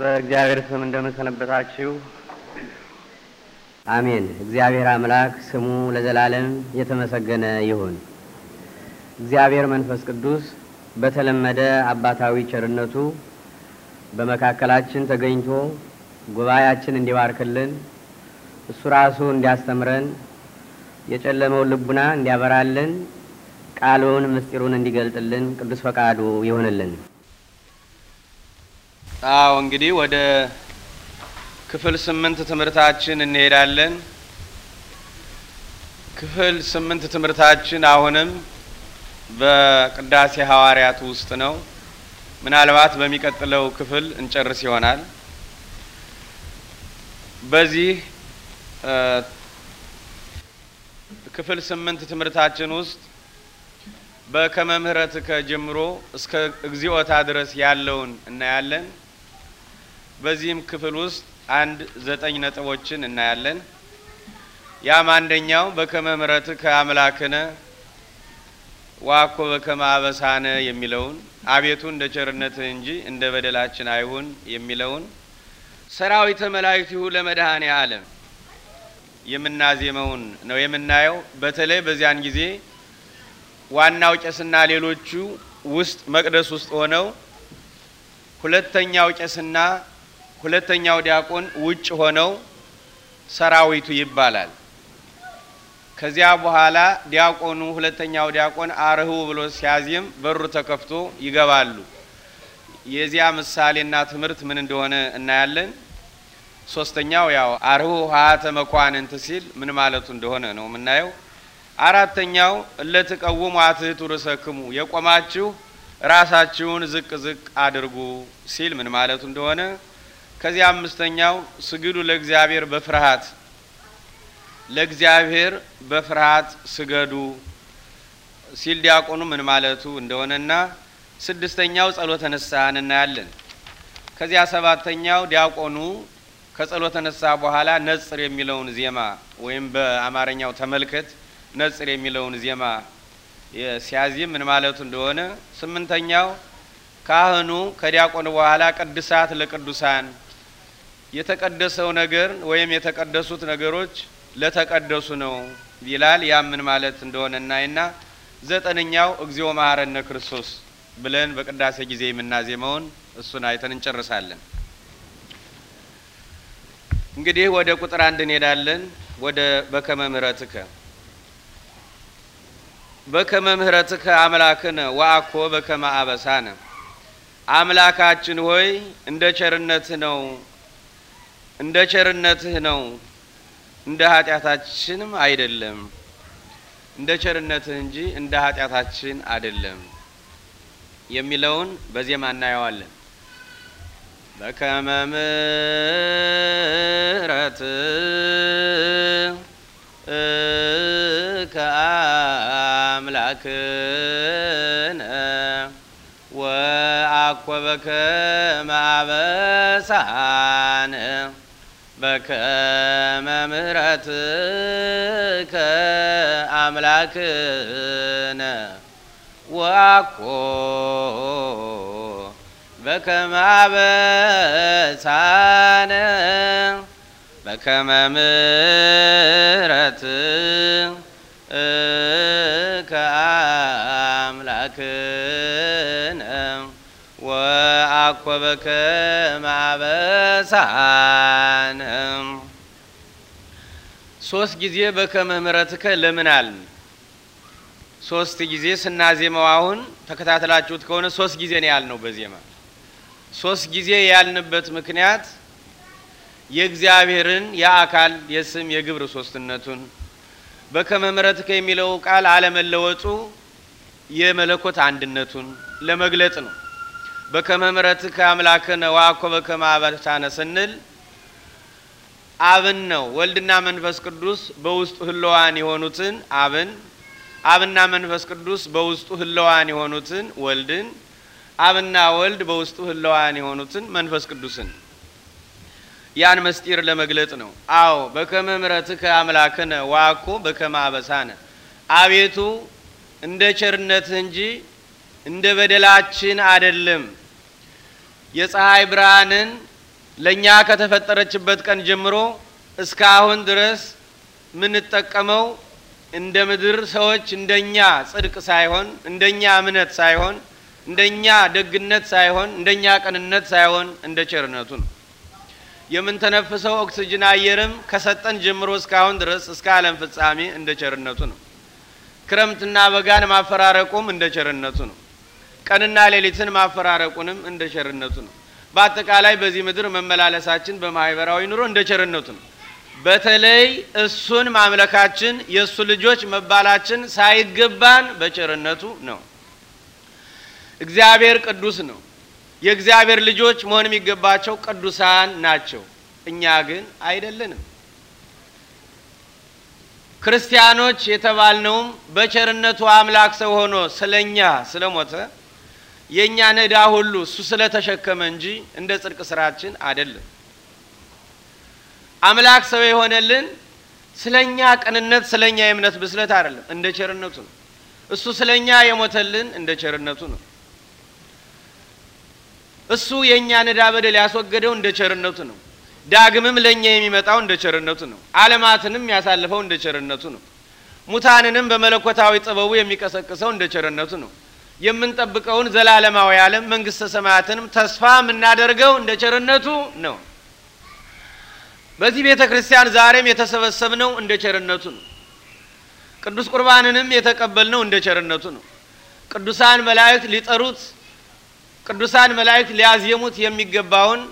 በእግዚአብሔር ስም እንደምንሰነበታችሁ። አሜን። እግዚአብሔር አምላክ ስሙ ለዘላለም የተመሰገነ ይሁን። እግዚአብሔር መንፈስ ቅዱስ በተለመደ አባታዊ ቸርነቱ በመካከላችን ተገኝቶ ጉባኤያችን እንዲባርክልን እሱ ራሱ እንዲያስተምረን የጨለመውን ልቡና እንዲያበራልን ቃሉን ምስጢሩን እንዲገልጥልን ቅዱስ ፈቃዱ ይሆንልን። አዎ እንግዲህ ወደ ክፍል ስምንት ትምህርታችን እንሄዳለን። ክፍል ስምንት ትምህርታችን አሁንም በቅዳሴ ሐዋርያት ውስጥ ነው። ምናልባት በሚቀጥለው ክፍል እንጨርስ ይሆናል። በዚህ ክፍል ስምንት ትምህርታችን ውስጥ በከመምህረት ከጀምሮ ጀምሮ እስከ እግዚኦታ ድረስ ያለውን እናያለን። በዚህም ክፍል ውስጥ አንድ ዘጠኝ ነጥቦችን እናያለን። ያም አንደኛው በከመ ምሕረትከ አምላክነ ዋኮ በከመ አበሳነ የሚለውን አቤቱ እንደ ቸርነት እንጂ እንደ በደላችን አይሁን የሚለውን ሰራዊተ መላእክቲሁ ለመድኃኔ ዓለም የምናዜመውን ነው የምናየው። በተለይ በዚያን ጊዜ ዋናው ቄስና ሌሎቹ ውስጥ መቅደስ ውስጥ ሆነው ሁለተኛው ቄስና ሁለተኛው ዲያቆን ውጭ ሆነው ሰራዊቱ ይባላል። ከዚያ በኋላ ዲያቆኑ ሁለተኛው ዲያቆን አርህው ብሎ ሲያዚም በሩ ተከፍቶ ይገባሉ። የዚያ ምሳሌና ትምህርት ምን እንደሆነ እናያለን። ሶስተኛው ያው አርኅዉ ሀተ መኳንንት ሲል ምን ማለቱ እንደሆነ ነው የምናየው። አራተኛው እለትቀውሙ አትህቱ ርእሰክሙ የቆማችሁ ራሳችሁን ዝቅ ዝቅ አድርጉ ሲል ምን ማለቱ እንደሆነ ከዚያ አምስተኛው ስግዱ ለእግዚአብሔር በፍርሃት ለእግዚአብሔር በፍርሃት ስገዱ ሲል ዲያቆኑ ምን ማለቱ እንደሆነና ስድስተኛው ጸሎተ ንስሐን እናያለን። ከዚያ ሰባተኛው ዲያቆኑ ከጸሎተ ንስሐ በኋላ ነጽር የሚለውን ዜማ ወይም በአማርኛው ተመልከት ነጽር የሚለውን ዜማ ሲያዚም ምን ማለቱ እንደሆነ ስምንተኛው ካህኑ ከዲያቆኑ በኋላ ቅድሳት ለቅዱሳን የተቀደሰው ነገር ወይም የተቀደሱት ነገሮች ለተቀደሱ ነው ይላል። ምን ማለት እንደሆነ እናይና ዘጠነኛው እግዚኦ መሐረነ ክርስቶስ ብለን በቅዳሴ ጊዜ የምናዜመውን እሱን አይተን እንጨርሳለን። እንግዲህ ወደ ቁጥር አንድ እንሄዳለን። ወደ በከመ ምህረትከ በከመ ምህረትከ አምላክነ ወአኮ በከመ አበሳነ አምላካችን ሆይ እንደ ቸርነት ነው እንደ ቸርነትህ ነው፣ እንደ ኃጢአታችንም አይደለም። እንደ ቸርነትህ እንጂ እንደ ኃጢአታችን አይደለም የሚለውን በዜማ እናየዋለን። በከመ ምሕረትከ አምላክነ በከመ ምሕረትከ አምላክነ ወአኮ በከመ አበሳነ በከመ ምሕረትከ አምላክነ ወአኮ በከመ አበሳነ ሶስት ጊዜ በከመ ምሕረትከ ለምን አልን? ሶስት ጊዜ ስናዜማው አሁን ተከታተላችሁት ከሆነ ሶስት ጊዜ ነው ያልነው በዜማ ሶስት ጊዜ ያልንበት ምክንያት የእግዚአብሔርን የአካል የስም የግብር ሶስትነቱን በከመ ምሕረትከ የሚለው ቃል አለመለወጡ የመለኮት አንድነቱን ለመግለጥ ነው። በከመ ምሕረትከ አምላክነ ወአኮ በከመ አበሳነ ስንል አብን ነው። ወልድና መንፈስ ቅዱስ በውስጡ ህለዋን የሆኑትን አብን፣ አብና መንፈስ ቅዱስ በውስጡ ህለዋን የሆኑትን ወልድን፣ አብና ወልድ በውስጡ ህለዋን የሆኑትን መንፈስ ቅዱስን ያን መስጢር ለመግለጥ ነው። አዎ በከመ ምሕረትከ አምላክነ ዋኮ በከመ አበሳነ፣ አቤቱ እንደ ቸርነትህ እንጂ እንደ በደላችን አደለም የፀሐይ ብርሃንን ለእኛ ከተፈጠረችበት ቀን ጀምሮ እስካሁን ድረስ የምንጠቀመው እንደ ምድር ሰዎች እንደኛ ጽድቅ ሳይሆን እንደኛ እምነት ሳይሆን እንደኛ ደግነት ሳይሆን እንደኛ ቅንነት ሳይሆን እንደ ቸርነቱ ነው። የምንተነፍሰው ኦክስጅን አየርም ከሰጠን ጀምሮ እስካሁን ድረስ እስከ ዓለም ፍጻሜ እንደ ቸርነቱ ነው። ክረምትና በጋን ማፈራረቁም እንደ ቸርነቱ ነው። ቀንና ሌሊትን ማፈራረቁንም እንደ ቸርነቱ ነው። በአጠቃላይ በዚህ ምድር መመላለሳችን በማህበራዊ ኑሮ እንደ ቸርነቱ ነው። በተለይ እሱን ማምለካችን የእሱ ልጆች መባላችን ሳይገባን በቸርነቱ ነው። እግዚአብሔር ቅዱስ ነው። የእግዚአብሔር ልጆች መሆን የሚገባቸው ቅዱሳን ናቸው። እኛ ግን አይደለንም። ክርስቲያኖች የተባልነውም በቸርነቱ አምላክ ሰው ሆኖ ስለኛ ስለሞተ የእኛ ነዳ ሁሉ እሱ ስለተሸከመ እንጂ እንደ ጽድቅ ስራችን አይደለም። አምላክ ሰው የሆነልን ስለኛ ቅንነት፣ ስለኛ የእምነት ብስለት አይደለም፣ እንደ ቸርነቱ ነው። እሱ ስለኛ የሞተልን እንደ ቸርነቱ ነው። እሱ የእኛ ነዳ በደል ያስወገደው እንደ ቸርነቱ ነው። ዳግምም ለእኛ የሚመጣው እንደ ቸርነቱ ነው። ዓለማትንም ያሳልፈው እንደ ቸርነቱ ነው። ሙታንንም በመለኮታዊ ጥበቡ የሚቀሰቅሰው እንደ ቸርነቱ ነው። የምንጠብቀውን ዘላለማዊ ዓለም መንግስተ ሰማያትንም ተስፋ የምናደርገው እንደ ቸርነቱ ነው። በዚህ ቤተ ክርስቲያን ዛሬም የተሰበሰብነው እንደ ቸርነቱ ነው። ቅዱስ ቁርባንንም የተቀበልነው እንደ ቸርነቱ ነው። ቅዱሳን መላእክት ሊጠሩት ቅዱሳን መላእክት ሊያዜሙት የሚገባውን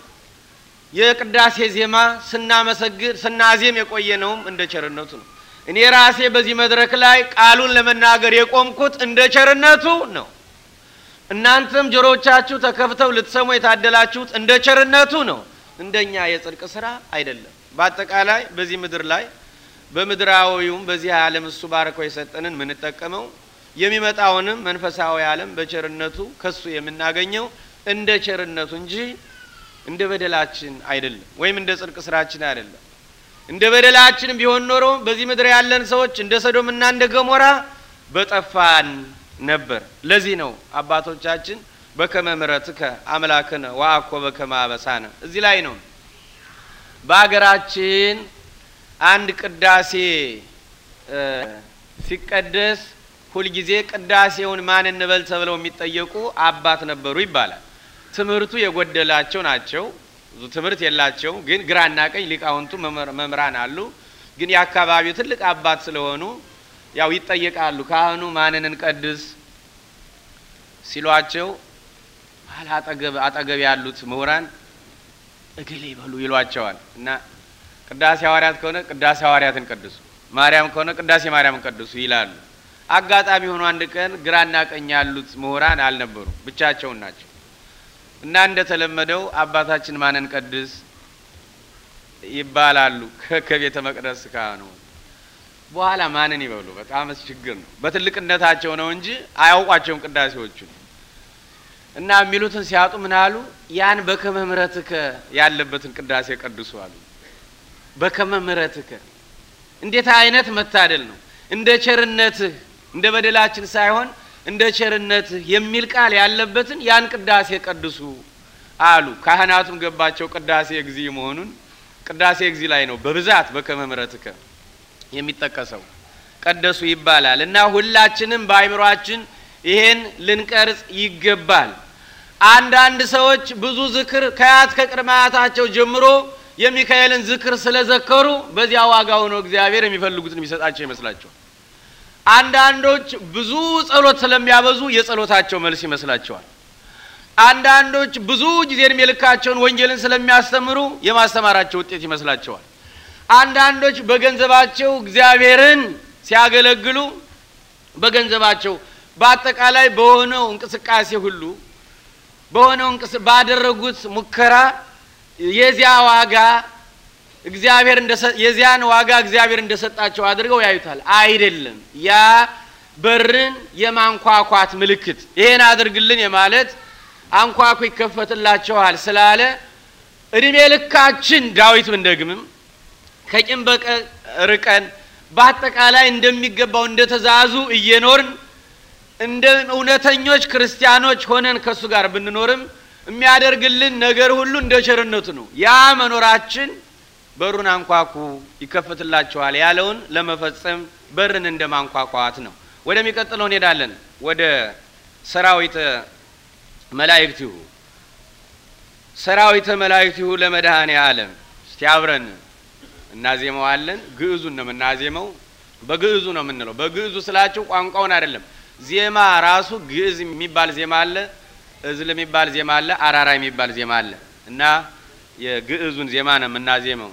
የቅዳሴ ዜማ ስናመሰግድ ስናዜም የቆየነውም እንደ ቸርነቱ ነው። እኔ ራሴ በዚህ መድረክ ላይ ቃሉን ለመናገር የቆምኩት እንደ ቸርነቱ ነው። እናንተም ጆሮቻችሁ ተከፍተው ልትሰሙ የታደላችሁት እንደ ቸርነቱ ነው፣ እንደኛ የጽድቅ ስራ አይደለም። በአጠቃላይ በዚህ ምድር ላይ በምድራዊውም በዚህ ዓለም እሱ ባርኮ የሰጠንን ምንጠቀመው የሚመጣውንም መንፈሳዊ ዓለም በቸርነቱ ከሱ የምናገኘው እንደ ቸርነቱ እንጂ እንደ በደላችን አይደለም፣ ወይም እንደ ጽድቅ ስራችን አይደለም። እንደ በደላችን ቢሆን ኖሮ በዚህ ምድር ያለን ሰዎች እንደ ሰዶምና እንደ ገሞራ በጠፋን ነበር። ለዚህ ነው አባቶቻችን በከመ ምሕረትከ አምላክነ ወአኮ በከመ አበሳነ። እዚህ ላይ ነው በአገራችን አንድ ቅዳሴ ሲቀደስ ሁልጊዜ ቅዳሴውን ማን እንበል ተብለው የሚጠየቁ አባት ነበሩ ይባላል። ትምህርቱ የጎደላቸው ናቸው። ትምህርት የላቸውም። ግን ግራና ቀኝ ሊቃውንቱ መምህራን አሉ። ግን የአካባቢው ትልቅ አባት ስለሆኑ ያው ይጠየቃሉ። ካህኑ ማንን እንቀድስ ሲሏቸው አጠገብ አጠገብ ያሉት ምሁራን እገሌ በሉ ይሏቸዋል። እና ቅዳሴ ሐዋርያት ከሆነ ቅዳሴ ሐዋርያትን ቀድሱ፣ ማርያም ከሆነ ቅዳሴ ማርያምን ቀድሱ ይላሉ። አጋጣሚ ሆኖ አንድ ቀን ግራና ቀኝ ያሉት ምሁራን አልነበሩም፣ ብቻቸውን ናቸው። እና እንደተለመደው አባታችን ማንን ቀድስ ይባላሉ ከቤተ መቅደስ ካህኑ በኋላ ማንን ይበሉ? በጣም ችግር ነው። በትልቅነታቸው ነው እንጂ አያውቋቸውም ቅዳሴዎቹን እና የሚሉትን ሲያጡ ምን አሉ? ያን በከመ ምሕረትከ ያለበትን ቅዳሴ ቀድሱ አሉ። በከመ ምሕረትከ እንዴት አይነት መታደል ነው! እንደ ቸርነትህ እንደ በደላችን ሳይሆን እንደ ቸርነትህ የሚል ቃል ያለበትን ያን ቅዳሴ ቀድሱ አሉ። ካህናቱም ገባቸው ቅዳሴ እግዚ መሆኑን ቅዳሴ እግዚ ላይ ነው በብዛት በከመ ምሕረትከ የሚጠቀሰው ቀደሱ ይባላል እና ሁላችንም በአይምሯችን ይሄን ልንቀርጽ ይገባል። አንዳንድ ሰዎች ብዙ ዝክር ከያት ከቅድመ አያታቸው ጀምሮ የሚካኤልን ዝክር ስለዘከሩ በዚያ ዋጋ ሆኖ እግዚአብሔር የሚፈልጉትን የሚሰጣቸው ይመስላቸዋል። አንዳንዶች ብዙ ጸሎት ስለሚያበዙ የጸሎታቸው መልስ ይመስላቸዋል። አንዳንዶች ብዙ ጊዜንም የልካቸውን ወንጌልን ስለሚያስተምሩ የማስተማራቸው ውጤት ይመስላቸዋል። አንዳንዶች በገንዘባቸው እግዚአብሔርን ሲያገለግሉ በገንዘባቸው በአጠቃላይ በሆነው እንቅስቃሴ ሁሉ በሆነው ባደረጉት ሙከራ የዚያ ዋጋ እግዚአብሔር የዚያን ዋጋ እግዚአብሔር እንደሰጣቸው አድርገው ያዩታል። አይደለም ያ በርን የማንኳኳት ምልክት ይሄን አድርግልን የማለት አንኳኩ ይከፈትላቸዋል ስላለ እድሜ ልካችን ዳዊት ብንደግምም ከቂም በቀ ርቀን በአጠቃላይ እንደሚገባው እንደ ተዛዙ እየኖርን እንደ እውነተኞች ክርስቲያኖች ሆነን ከእሱ ጋር ብንኖርም የሚያደርግልን ነገር ሁሉ እንደ ቸርነቱ ነው። ያ መኖራችን በሩን አንኳኩ ይከፍትላቸዋል ያለውን ለመፈጸም በርን እንደ ማንኳኳት ነው። ወደሚቀጥለው እንሄዳለን። ወደ ሰራዊተ መላእክቲሁ ሰራዊተ መላእክቲሁ ለመድኃኔ ዓለም እስቲ አብረን እናዜመዋለን። ግዕዙን ነው የምናዜመው። በግዕዙ ነው የምንለው። በግዕዙ ስላችሁ ቋንቋውን አይደለም። ዜማ ራሱ ግዕዝ የሚባል ዜማ አለ፣ እዝል የሚባል ዜማ አለ፣ አራራ የሚባል ዜማ አለ እና የግዕዙን ዜማ ነው የምናዜመው።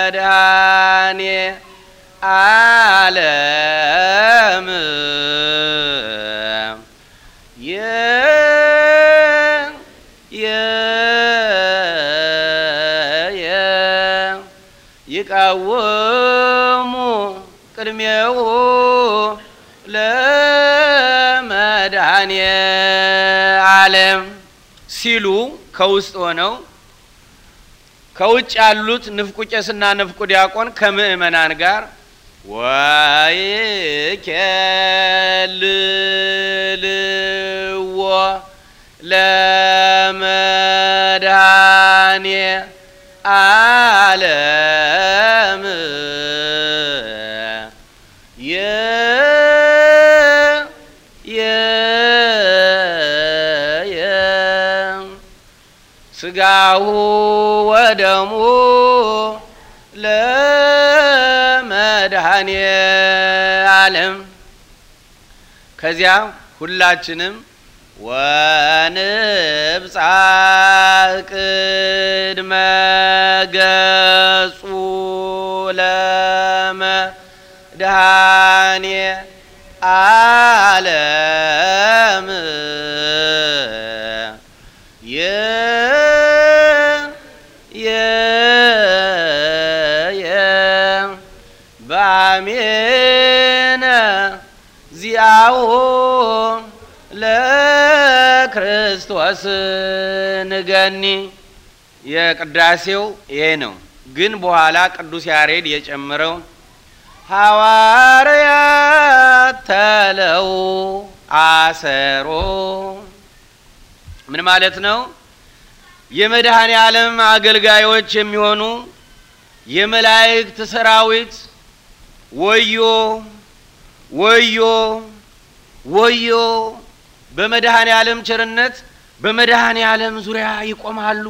መድኃኔ ዓለም ሲሉ ከውስጥ ሆነው ከውጭ ያሉት ንፍቁ ቄስና ንፍቁ ዲያቆን ከምእመናን ጋር ወይኬልልዎ ለመድኃኔ ዓለም ሥጋሁ ወደሙ ለመድኃኔ ዓለም። ከዚያ ሁላችንም ወንብጻ ቅድመ ገጹ ለመድኃኔ ዓለም አዎ ለክርስቶስ ንገኒ የቅዳሴው ይሄ ነው። ግን በኋላ ቅዱስ ያሬድ የጨምረው ሐዋርያት ተለው አሰሮ ምን ማለት ነው? የመድኃኔ ዓለም አገልጋዮች የሚሆኑ የመላእክት ሰራዊት ወዮ ወዮ ወዮ በመድኃኔ ዓለም ቸርነት በመድኃኔ ዓለም ዙሪያ ይቆማሉ።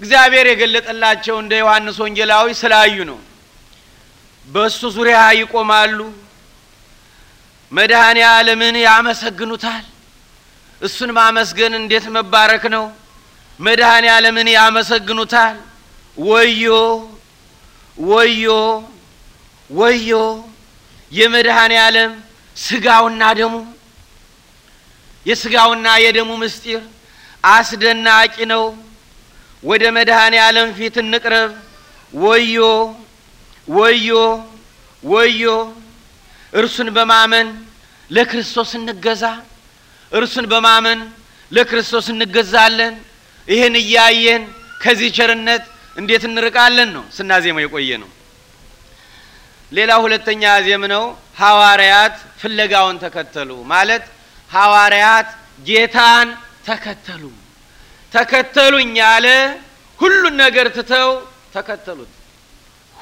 እግዚአብሔር የገለጠላቸው እንደ ዮሐንስ ወንጌላዊ ስላዩ ነው። በእሱ ዙሪያ ይቆማሉ። መድኃኔ ዓለምን ያመሰግኑታል። እሱን ማመስገን እንዴት መባረክ ነው! መድኃኔ ዓለምን ያመሰግኑታል። ወዮ ወዮ ወዮ የመድኃኔ ዓለም ስጋውና ደሙ የስጋውና የደሙ ምስጢር አስደናቂ ነው። ወደ መድኃኔ ዓለም ፊት እንቅረብ። ወዮ ወዮ ወዮ! እርሱን በማመን ለክርስቶስ እንገዛ። እርሱን በማመን ለክርስቶስ እንገዛለን። ይህን እያየን ከዚህ ቸርነት እንዴት እንርቃለን ነው ስናዜመው የቆየ ነው። ሌላ ሁለተኛ አዜም ነው። ሐዋርያት ፍለጋውን ተከተሉ ማለት ሐዋርያት ጌታን ተከተሉ። ተከተሉኝ ያለ ሁሉን ነገር ትተው ተከተሉት።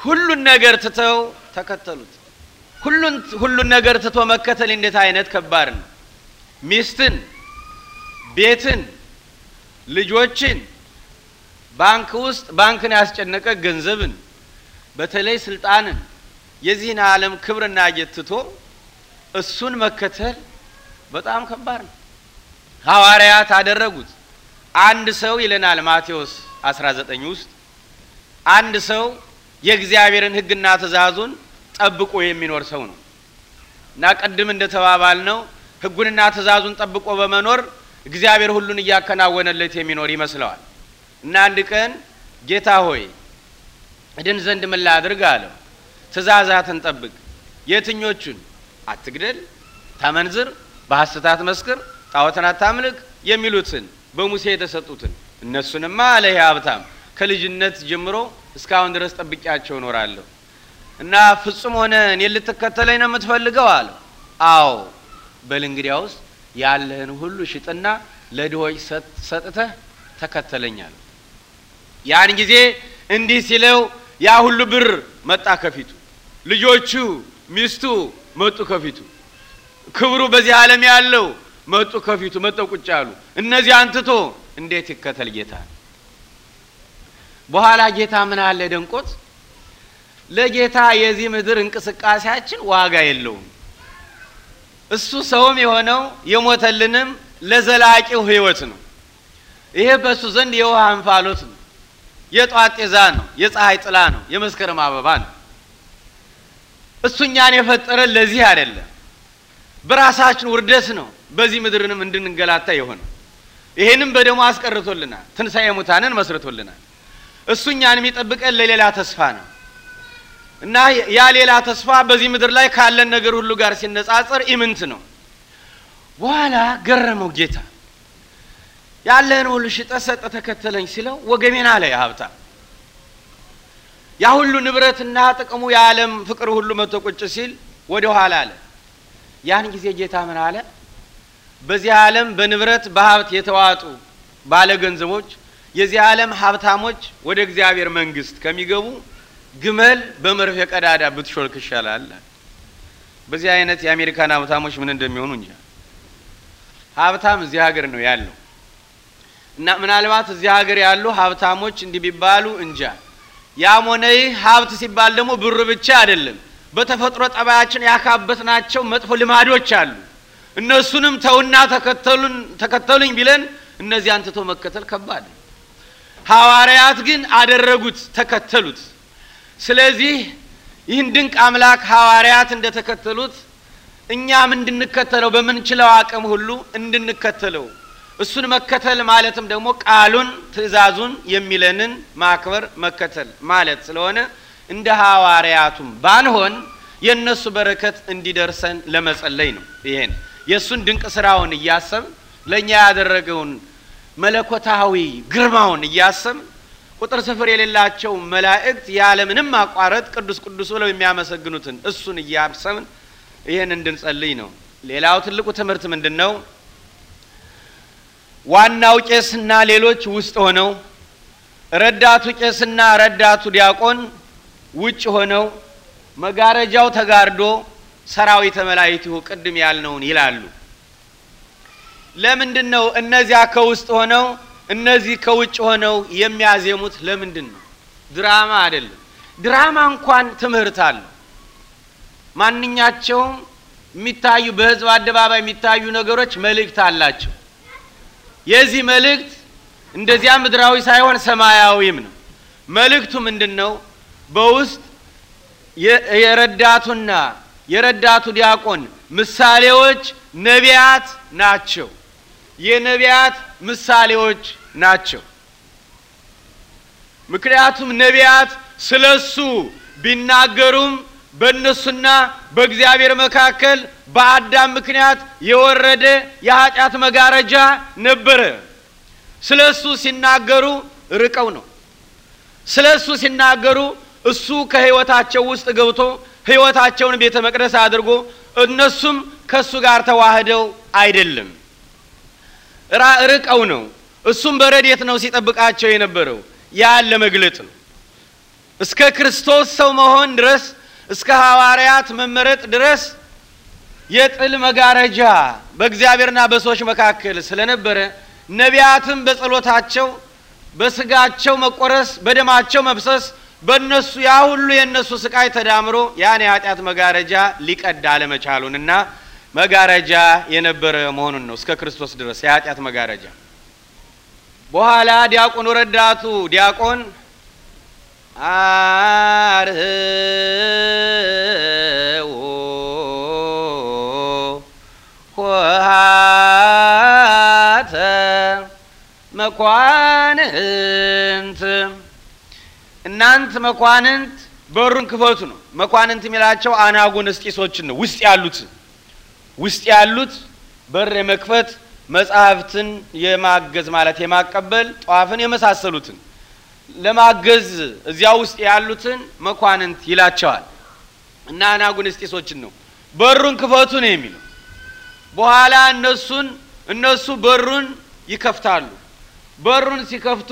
ሁሉን ነገር ትተው ተከተሉት። ሁሉን ሁሉን ነገር ትቶ መከተል እንዴት አይነት ከባድ ነው! ሚስትን፣ ቤትን፣ ልጆችን፣ ባንክ ውስጥ ባንክን ያስጨነቀ ገንዘብን፣ በተለይ ስልጣንን የዚህን ዓለም ክብርና ጌትቶ እሱን መከተል በጣም ከባድ ነው። ሐዋርያት አደረጉት። አንድ ሰው ይለናል ማቴዎስ 19 ውስጥ አንድ ሰው የእግዚአብሔርን ሕግና ትእዛዙን ጠብቆ የሚኖር ሰው ነው እና ቅድም እንደ ተባባል ነው ሕጉንና ትእዛዙን ጠብቆ በመኖር እግዚአብሔር ሁሉን እያከናወነለት የሚኖር ይመስለዋል። እና አንድ ቀን ጌታ ሆይ እድን ዘንድ ምን ላድርግ አለው። ትእዛዛትን ጠብቅ። የትኞቹን? አትግደል፣ ተመንዝር በሐሰት አትመስክር፣ ጣዖትን አታምልክ የሚሉትን በሙሴ የተሰጡትን እነሱንማ አለ ይሄ ሀብታም ከልጅነት ጀምሮ እስካሁን ድረስ ጠብቂያቸው እኖራለሁ እና ፍጹም ሆነ እኔን ልትከተለኝ ነው የምትፈልገው አለ። አዎ በል እንግዲያውስ ያለህን ሁሉ ሽጥና ለድሆች ሰጥተህ ተከተለኛል። ያን ጊዜ እንዲህ ሲለው ያ ሁሉ ብር መጣ ከፊቱ። ልጆቹ፣ ሚስቱ መጡ ከፊቱ። ክብሩ በዚህ ዓለም ያለው መጡ ከፊቱ መጠው ቁጭ አሉ። እነዚህ አንትቶ እንዴት ይከተል ጌታ? በኋላ ጌታ ምን አለ ደንቆት፣ ለጌታ የዚህ ምድር እንቅስቃሴያችን ዋጋ የለውም። እሱ ሰውም የሆነው የሞተልንም ለዘላቂው ህይወት ነው። ይሄ በእሱ ዘንድ የውሃ እንፋሎት ነው፣ የጧት ጤዛ ነው፣ የፀሐይ ጥላ ነው፣ የመስከረም አበባ ነው። እሱ እኛን የፈጠረን ለዚህ አይደለም፣ በራሳችን ውርደት ነው። በዚህ ምድርንም እንድንገላታ የሆነ ይሄንም በደሞ አስቀርቶልናል። ትንሣኤ ሙታንን መስርቶልናል። እሱ እኛን የሚጠብቀን ለሌላ ተስፋ ነው እና ያ ሌላ ተስፋ በዚህ ምድር ላይ ካለን ነገር ሁሉ ጋር ሲነጻጸር ኢምንት ነው። በኋላ ገረመው ጌታ ያለህን ሁሉ ሽጠ ሰጠ ተከተለኝ ሲለው ወገቤና ላይ ሀብታ ያ ሁሉ ንብረትና ጥቅሙ የዓለም ፍቅር ሁሉ መቶ ቁጭ ሲል ወደ ኋላ አለ። ያን ጊዜ ጌታ ምን አለ? በዚህ ዓለም በንብረት በሀብት የተዋጡ ባለ ገንዘቦች የዚህ ዓለም ሀብታሞች ወደ እግዚአብሔር መንግስት ከሚገቡ ግመል በመርፌ ቀዳዳ ብትሾልክ ይሻላል። በዚህ አይነት የአሜሪካን ሀብታሞች ምን እንደሚሆኑ እንጃ ሀብታም እዚህ ሀገር ነው ያለው እና ምናልባት እዚህ ሀገር ያሉ ሀብታሞች እንዲህ ቢባሉ እንጃ የአሞናዊ ሀብት ሲባል ደግሞ ብር ብቻ አይደለም። በተፈጥሮ ጠባያችን ያካበት ናቸው መጥፎ ልማዶች አሉ። እነሱንም ተውና ተከተሉኝ ቢለን እነዚያን አንትቶ መከተል ከባድ ነው። ሐዋርያት ግን አደረጉት፣ ተከተሉት። ስለዚህ ይህን ድንቅ አምላክ ሐዋርያት እንደተከተሉት እኛም እንድንከተለው በምንችለው አቅም ሁሉ እንድንከተለው እሱን መከተል ማለትም ደግሞ ቃሉን ትእዛዙን የሚለንን ማክበር መከተል ማለት ስለሆነ እንደ ሐዋርያቱም ባንሆን የእነሱ በረከት እንዲደርሰን ለመጸለይ ነው። ይሄን የእሱን ድንቅ ስራውን እያሰብ ለእኛ ያደረገውን መለኮታዊ ግርማውን እያሰብ ቁጥር ስፍር የሌላቸው መላእክት ያለምንም ማቋረጥ ቅዱስ ቅዱስ ብለው የሚያመሰግኑትን እሱን እያሰብን ይህን እንድንጸልይ ነው። ሌላው ትልቁ ትምህርት ምንድን ነው? ዋናው ቄስና ሌሎች ውስጥ ሆነው ረዳቱ ቄስና ረዳቱ ዲያቆን ውጭ ሆነው መጋረጃው ተጋርዶ ሰራዊተ መላእክቱ ቅድም ያልነውን ይላሉ። ለምንድን ነው እነዚያ ከውስጥ ሆነው እነዚህ ከውጭ ሆነው የሚያዜሙት? ለምንድን ነው? ድራማ አይደለም። ድራማ እንኳን ትምህርት አለ። ማንኛቸውም የሚታዩ በህዝብ አደባባይ የሚታዩ ነገሮች መልእክት አላቸው። የዚህ መልእክት እንደዚያ ምድራዊ ሳይሆን ሰማያዊም ነው። መልእክቱ ምንድን ነው? በውስጥ የረዳቱና የረዳቱ ዲያቆን ምሳሌዎች ነቢያት ናቸው። የነቢያት ምሳሌዎች ናቸው። ምክንያቱም ነቢያት ስለ እሱ ቢናገሩም በእነሱና በእግዚአብሔር መካከል በአዳም ምክንያት የወረደ የኃጢአት መጋረጃ ነበረ። ስለ እሱ ሲናገሩ ርቀው ነው። ስለ እሱ ሲናገሩ እሱ ከህይወታቸው ውስጥ ገብቶ ህይወታቸውን ቤተ መቅደስ አድርጎ እነሱም ከእሱ ጋር ተዋህደው አይደለም፣ ርቀው ነው። እሱም በረዴት ነው ሲጠብቃቸው የነበረው ያን ለመግለጥ ነው። እስከ ክርስቶስ ሰው መሆን ድረስ እስከ ሐዋርያት መመረጥ ድረስ የጥል መጋረጃ በእግዚአብሔርና በሰዎች መካከል ስለነበረ ነቢያትም በጸሎታቸው በስጋቸው መቆረስ በደማቸው መብሰስ በእነሱ ያ ሁሉ የእነሱ ስቃይ ተዳምሮ ያን የኃጢአት መጋረጃ ሊቀድ አለመቻሉንና መጋረጃ የነበረ መሆኑን ነው። እስከ ክርስቶስ ድረስ የኃጢአት መጋረጃ በኋላ ዲያቆኑ ረዳቱ ዲያቆን አርህዎ ኆኃተ መኳንንት እናንት መኳንንት በሩን ክፈቱ ነው። መኳንንት የሚላቸው አናጉን እስጢሶችን ነው። ውስጥ ያሉት ውስጥ ያሉት በር የመክፈት መጽሐፍትን የማገዝ ማለት የማቀበል ጧፍን የመሳሰሉትን ለማገዝ እዚያ ውስጥ ያሉትን መኳንንት ይላቸዋል እና አናጉንስጢሶችን ነው በሩን ክፈቱ ነው የሚለው። በኋላ እነሱን እነሱ በሩን ይከፍታሉ። በሩን ሲከፍቱ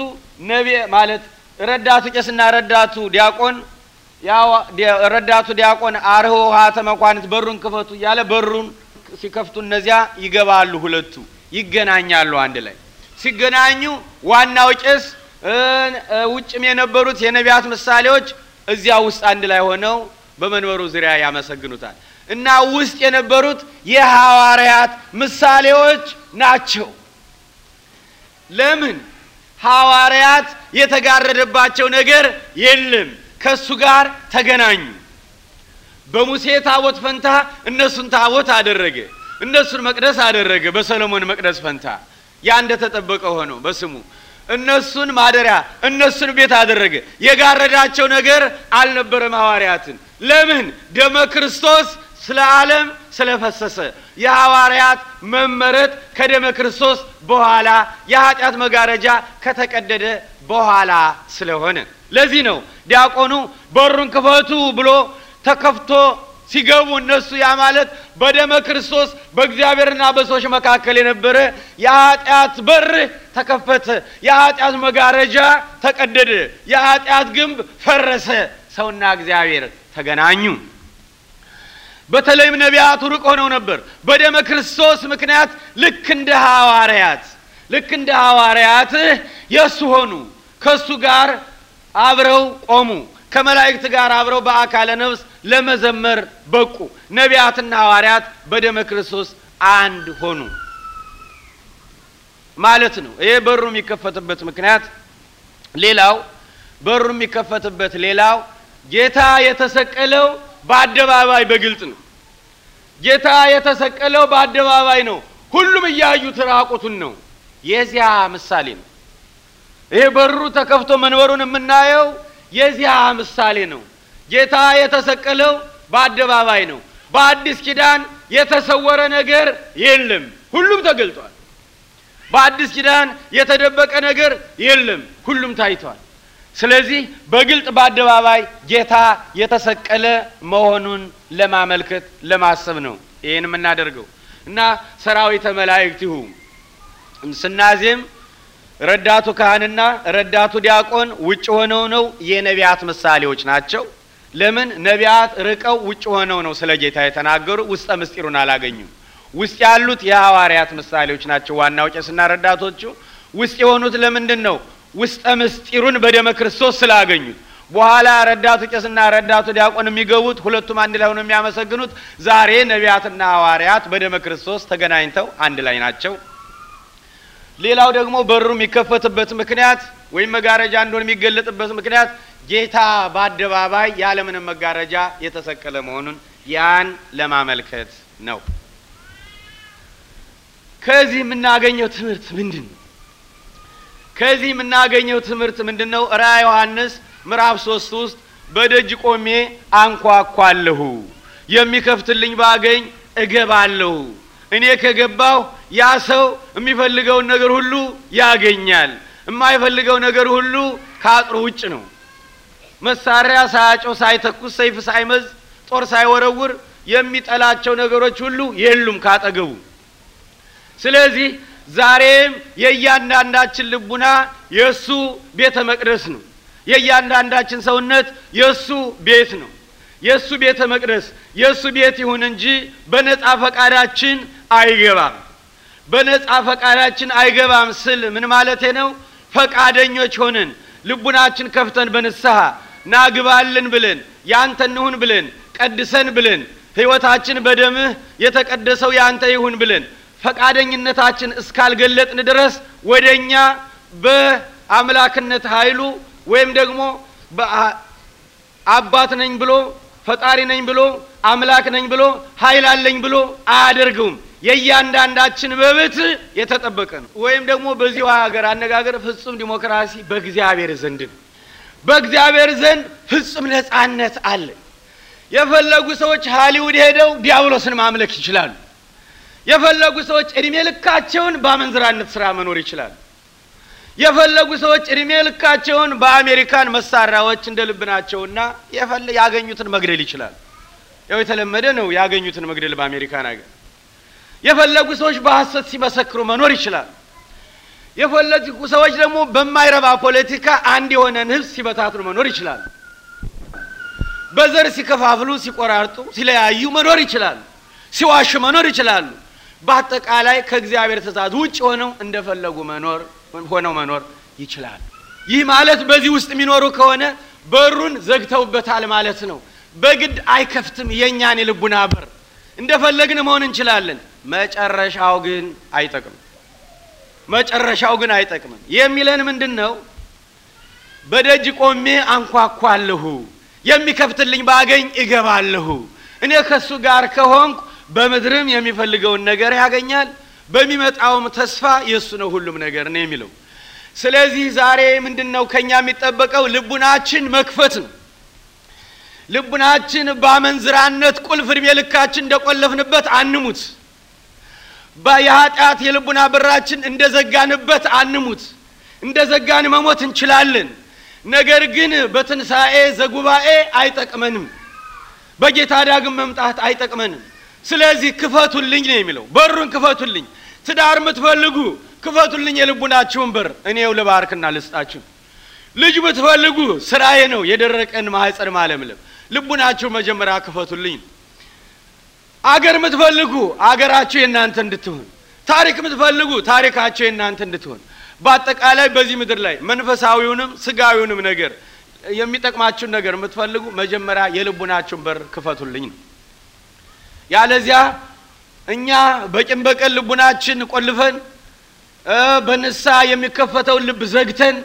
ነቢ ማለት ረዳቱ ቄስና ረዳቱ ዲያቆን ረዳቱ ዲያቆን አርህ ውሃ ተመኳንት በሩን ክፈቱ እያለ በሩን ሲከፍቱ እነዚያ ይገባሉ። ሁለቱ ይገናኛሉ አንድ ላይ ሲገናኙ ዋናው ቄስ ውጭም የነበሩት የነቢያት ምሳሌዎች እዚያ ውስጥ አንድ ላይ ሆነው በመንበሩ ዙሪያ ያመሰግኑታል እና ውስጥ የነበሩት የሐዋርያት ምሳሌዎች ናቸው። ለምን ሐዋርያት የተጋረደባቸው ነገር የለም። ከእሱ ጋር ተገናኙ። በሙሴ ታቦት ፈንታ እነሱን ታቦት አደረገ። እነሱን መቅደስ አደረገ። በሰሎሞን መቅደስ ፈንታ ያ እንደተጠበቀ ሆነው በስሙ እነሱን ማደሪያ እነሱን ቤት አደረገ። የጋረዳቸው ነገር አልነበረም ሐዋርያትን። ለምን? ደመ ክርስቶስ ስለ ዓለም ስለፈሰሰ የሐዋርያት መመረጥ ከደመ ክርስቶስ በኋላ የኃጢአት መጋረጃ ከተቀደደ በኋላ ስለሆነ ለዚህ ነው ዲያቆኑ በሩን ክፈቱ ብሎ ተከፍቶ ሲገቡ እነሱ ያ ማለት በደመ ክርስቶስ በእግዚአብሔርና በሰዎች መካከል የነበረ የኃጢአት በር ተከፈተ፣ የኃጢአት መጋረጃ ተቀደደ፣ የኃጢአት ግንብ ፈረሰ። ሰውና እግዚአብሔር ተገናኙ። በተለይም ነቢያቱ ሩቅ ሆነው ነበር። በደመ ክርስቶስ ምክንያት ልክ እንደ ሐዋርያት ልክ እንደ ሐዋርያት የእሱ ሆኑ፣ ከእሱ ጋር አብረው ቆሙ። ከመላእክት ጋር አብረው በአካለ ነፍስ ለመዘመር በቁ። ነቢያትና ሐዋርያት በደመ ክርስቶስ አንድ ሆኑ ማለት ነው። ይሄ በሩ የሚከፈትበት ምክንያት ሌላው በሩ የሚከፈትበት ሌላው ጌታ የተሰቀለው በአደባባይ በግልጽ ነው። ጌታ የተሰቀለው በአደባባይ ነው። ሁሉም እያዩት ራቁቱን ነው። የዚያ ምሳሌ ነው። ይሄ በሩ ተከፍቶ መንበሩን የምናየው የዚያ ምሳሌ ነው። ጌታ የተሰቀለው በአደባባይ ነው። በአዲስ ኪዳን የተሰወረ ነገር የለም፣ ሁሉም ተገልጧል። በአዲስ ኪዳን የተደበቀ ነገር የለም፣ ሁሉም ታይቷል። ስለዚህ በግልጥ በአደባባይ ጌታ የተሰቀለ መሆኑን ለማመልከት ለማሰብ ነው ይህን የምናደርገው እና ሰራዊተ መላእክቲሁ ስናዜም ረዳቱ ካህንና ረዳቱ ዲያቆን ውጭ ሆነው ነው የነቢያት ምሳሌዎች ናቸው። ለምን ነቢያት ርቀው ውጭ ሆነው ነው ስለ ጌታ የተናገሩ፣ ውስጠ ምስጢሩን አላገኙም። ውስጥ ያሉት የሐዋርያት ምሳሌዎች ናቸው፣ ዋናው ቄስና ረዳቶቹ። ውስጥ የሆኑት ለምንድን ነው? ውስጠ ምስጢሩን በደመ ክርስቶስ ስላገኙት። በኋላ ረዳቱ ቄስና ረዳቱ ዲያቆን የሚገቡት ሁለቱም አንድ ላይ ሆነው የሚያመሰግኑት። ዛሬ ነቢያትና ሐዋርያት በደመ ክርስቶስ ተገናኝተው አንድ ላይ ናቸው። ሌላው ደግሞ በሩ የሚከፈትበት ምክንያት ወይም መጋረጃ እንደሆነ የሚገለጥበት ምክንያት ጌታ በአደባባይ ያለምንም መጋረጃ የተሰቀለ መሆኑን ያን ለማመልከት ነው። ከዚህ የምናገኘው ትምህርት ምንድን ነው? ከዚህ የምናገኘው ትምህርት ምንድን ነው? ራ ዮሐንስ ምዕራፍ ሶስት ውስጥ በደጅ ቆሜ አንኳኳለሁ፣ የሚከፍትልኝ ባገኝ እገባለሁ እኔ ከገባሁ ያ ሰው የሚፈልገውን ነገር ሁሉ ያገኛል። የማይፈልገው ነገር ሁሉ ከአጥሩ ውጭ ነው። መሳሪያ ሳያጨው፣ ሳይተኩስ፣ ሰይፍ ሳይመዝ፣ ጦር ሳይወረውር የሚጠላቸው ነገሮች ሁሉ የሉም ካጠገቡ። ስለዚህ ዛሬም የእያንዳንዳችን ልቡና የእሱ ቤተ መቅደስ ነው። የእያንዳንዳችን ሰውነት የእሱ ቤት ነው። የእሱ ቤተ መቅደስ የእሱ ቤት ይሁን እንጂ በነጻ ፈቃዳችን አይገባም። በነጻ ፈቃዳችን አይገባም ስል ምን ማለቴ ነው? ፈቃደኞች ሆንን ልቡናችን ከፍተን በንስሐ ናግባልን ብለን ያንተ እንሁን ብለን ቀድሰን ብለን ሕይወታችን በደምህ የተቀደሰው ያንተ ይሁን ብለን ፈቃደኝነታችን እስካልገለጥን ድረስ ወደ እኛ በአምላክነት ኃይሉ ወይም ደግሞ አባት ነኝ ብሎ ፈጣሪ ነኝ ብሎ አምላክ ነኝ ብሎ ኃይል አለኝ ብሎ አያደርገውም። የእያንዳንዳችን መብት የተጠበቀ ነው። ወይም ደግሞ በዚሁ ሀገር አነጋገር ፍጹም ዲሞክራሲ በእግዚአብሔር ዘንድ ነው። በእግዚአብሔር ዘንድ ፍጹም ነጻነት አለ። የፈለጉ ሰዎች ሀሊውድ ሄደው ዲያብሎስን ማምለክ ይችላሉ። የፈለጉ ሰዎች እድሜ ልካቸውን በአመንዝራነት ስራ መኖር ይችላሉ። የፈለጉ ሰዎች እድሜ ልካቸውን በአሜሪካን መሳሪያዎች እንደ ልብናቸውና ያገኙትን መግደል ይችላሉ። ያው የተለመደ ነው ያገኙትን መግደል በአሜሪካን ሀገር የፈለጉ ሰዎች በሐሰት ሲመሰክሩ መኖር ይችላል። የፈለጉ ሰዎች ደግሞ በማይረባ ፖለቲካ አንድ የሆነን ህዝብ ሲበታትኑ መኖር ይችላሉ። በዘር ሲከፋፍሉ፣ ሲቆራርጡ፣ ሲለያዩ መኖር ይችላሉ። ሲዋሹ መኖር ይችላሉ። በአጠቃላይ ከእግዚአብሔር ትእዛዝ ውጭ ሆነው እንደፈለጉ መኖር ሆነው መኖር ይችላል። ይህ ማለት በዚህ ውስጥ የሚኖሩ ከሆነ በሩን ዘግተውበታል ማለት ነው። በግድ አይከፍትም የእኛን የልቡና በር። እንደፈለግን መሆን እንችላለን። መጨረሻው ግን አይጠቅምም። መጨረሻው ግን አይጠቅምም። የሚለን ምንድን ነው? በደጅ ቆሜ አንኳኳለሁ፣ የሚከፍትልኝ ባገኝ እገባለሁ። እኔ ከሱ ጋር ከሆንኩ በምድርም የሚፈልገውን ነገር ያገኛል፣ በሚመጣውም ተስፋ የእሱ ነው ሁሉም ነገር ነው የሚለው። ስለዚህ ዛሬ ምንድን ነው ከእኛ የሚጠበቀው? ልቡናችን መክፈት ነው። ልቡናችን በአመንዝራነት ቁልፍ እድሜ ልካችን እንደቆለፍንበት አንሙት። የኃጢአት የልቡና በራችን እንደዘጋንበት አንሙት። እንደዘጋን መሞት እንችላለን። ነገር ግን በትንሣኤ ዘጉባኤ አይጠቅመንም። በጌታ ዳግም መምጣት አይጠቅመንም። ስለዚህ ክፈቱልኝ ነው የሚለው። በሩን ክፈቱልኝ። ትዳር የምትፈልጉ ክፈቱልኝ የልቡናችሁን በር፣ እኔው ልባርክና ልስጣችሁ። ልጅ ብትፈልጉ ስራዬ ነው የደረቀን ማህፀን ማለምለም ልቡናችሁ መጀመሪያ ክፈቱልኝ። አገር የምትፈልጉ አገራችሁ የእናንተ እንድትሆን፣ ታሪክ የምትፈልጉ ታሪካቸው የእናንተ እንድትሆን፣ በአጠቃላይ በዚህ ምድር ላይ መንፈሳዊውንም ስጋዊውንም ነገር የሚጠቅማችሁን ነገር የምትፈልጉ መጀመሪያ የልቡናችሁን በር ክፈቱልኝ ነው። ያለዚያ እኛ በቂም በቀል ልቡናችን ቆልፈን በንሳ የሚከፈተውን ልብ ዘግተን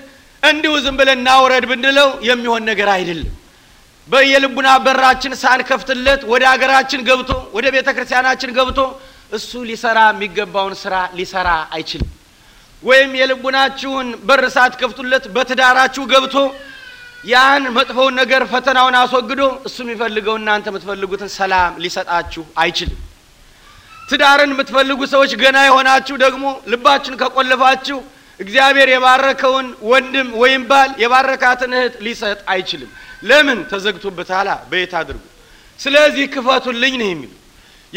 እንዲሁ ዝም ብለን እናውረድ ብንለው የሚሆን ነገር አይደለም። በየልቡና በራችን ሳንከፍትለት ወደ አገራችን ገብቶ ወደ ቤተ ክርስቲያናችን ገብቶ እሱ ሊሰራ የሚገባውን ስራ ሊሰራ አይችልም። ወይም የልቡናችሁን በር ሳትከፍቱለት በትዳራችሁ ገብቶ ያን መጥፎውን ነገር ፈተናውን አስወግዶ እሱ የሚፈልገው እናንተ የምትፈልጉትን ሰላም ሊሰጣችሁ አይችልም። ትዳርን የምትፈልጉ ሰዎች ገና የሆናችሁ ደግሞ ልባችን ከቆለፋችሁ እግዚአብሔር የባረከውን ወንድም ወይም ባል የባረካትን እህት ሊሰጥ አይችልም። ለምን ተዘግቶበታል በየት አድርጉ ስለዚህ ክፈቱልኝ ነው የሚሉ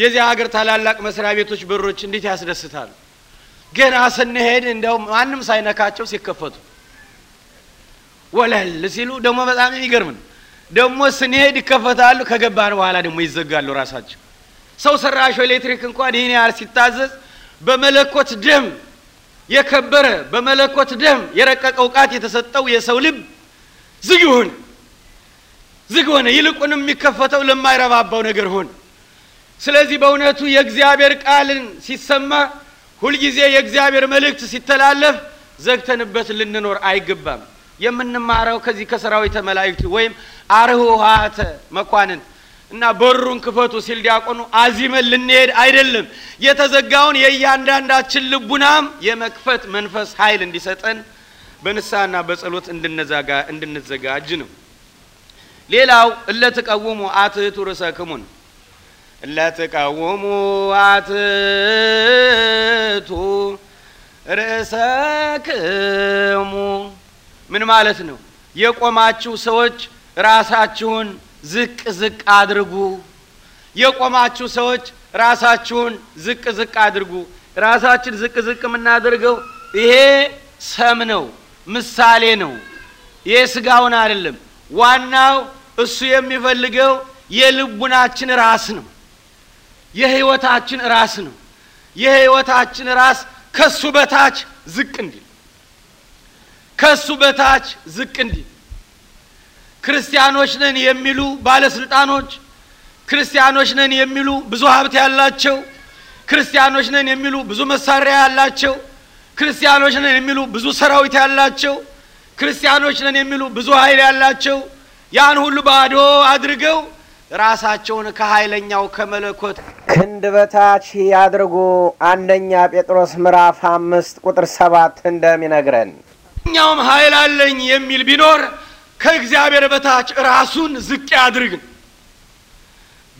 የዚህ ሀገር ታላላቅ መስሪያ ቤቶች በሮች እንዴት ያስደስታሉ ገና ስንሄድ እንደው ማንም ሳይነካቸው ሲከፈቱ ወለል ሲሉ ደግሞ በጣም የሚገርም ነው ደግሞ ስንሄድ ይከፈታሉ ከገባን በኋላ ደግሞ ይዘጋሉ ራሳቸው ሰው ሰራሹ ኤሌክትሪክ እንኳን ይህን ያህል ሲታዘዝ በመለኮት ደም የከበረ በመለኮት ደም የረቀቀ እውቀት የተሰጠው የሰው ልብ ዝግ ይሁን ዝግ ሆነ። ይልቁንም የሚከፈተው ለማይረባባው ነገር ሆነ። ስለዚህ በእውነቱ የእግዚአብሔር ቃልን ሲሰማ ሁልጊዜ የእግዚአብሔር መልእክት ሲተላለፍ ዘግተንበት ልንኖር አይገባም። የምንማረው ከዚህ ከሰራዊተ መላእክት ወይም አርኅዋተ መኳንን እና በሩን ክፈቱ ሲል ዲያቆኑ አዚመን ልንሄድ አይደለም። የተዘጋውን የእያንዳንዳችን ልቡናም የመክፈት መንፈስ ኃይል እንዲሰጠን በንስሐና በጸሎት እንድንዘጋጅ ነው። ሌላው እለትቀውሙ አትህቱ ርእሰክሙን እለትቀውሙ አትህቱ ርእሰክሙ ምን ማለት ነው? የቆማችሁ ሰዎች ራሳችሁን ዝቅ ዝቅ አድርጉ። የቆማችሁ ሰዎች ራሳችሁን ዝቅ ዝቅ አድርጉ። ራሳችን ዝቅ ዝቅ የምናደርገው ይሄ ሰም ነው፣ ምሳሌ ነው። ይሄ ስጋውን አይደለም ዋናው እሱ የሚፈልገው የልቡናችን ራስ ነው። የህይወታችን ራስ ነው። የህይወታችን ራስ ከሱ በታች ዝቅ እንዲል ከሱ በታች ዝቅ እንዲል ክርስቲያኖች ነን የሚሉ ባለስልጣኖች፣ ክርስቲያኖች ነን የሚሉ ብዙ ሀብት ያላቸው፣ ክርስቲያኖች ነን የሚሉ ብዙ መሳሪያ ያላቸው፣ ክርስቲያኖች ነን የሚሉ ብዙ ሰራዊት ያላቸው፣ ክርስቲያኖች ነን የሚሉ ብዙ ኃይል ያላቸው ያን ሁሉ ባዶ አድርገው ራሳቸውን ከኃይለኛው ከመለኮት ክንድ በታች ያድርጉ። አንደኛ ጴጥሮስ ምዕራፍ አምስት ቁጥር ሰባት እንደሚነግረን እኛውም ኃይል አለኝ የሚል ቢኖር ከእግዚአብሔር በታች ራሱን ዝቅ ያድርግ።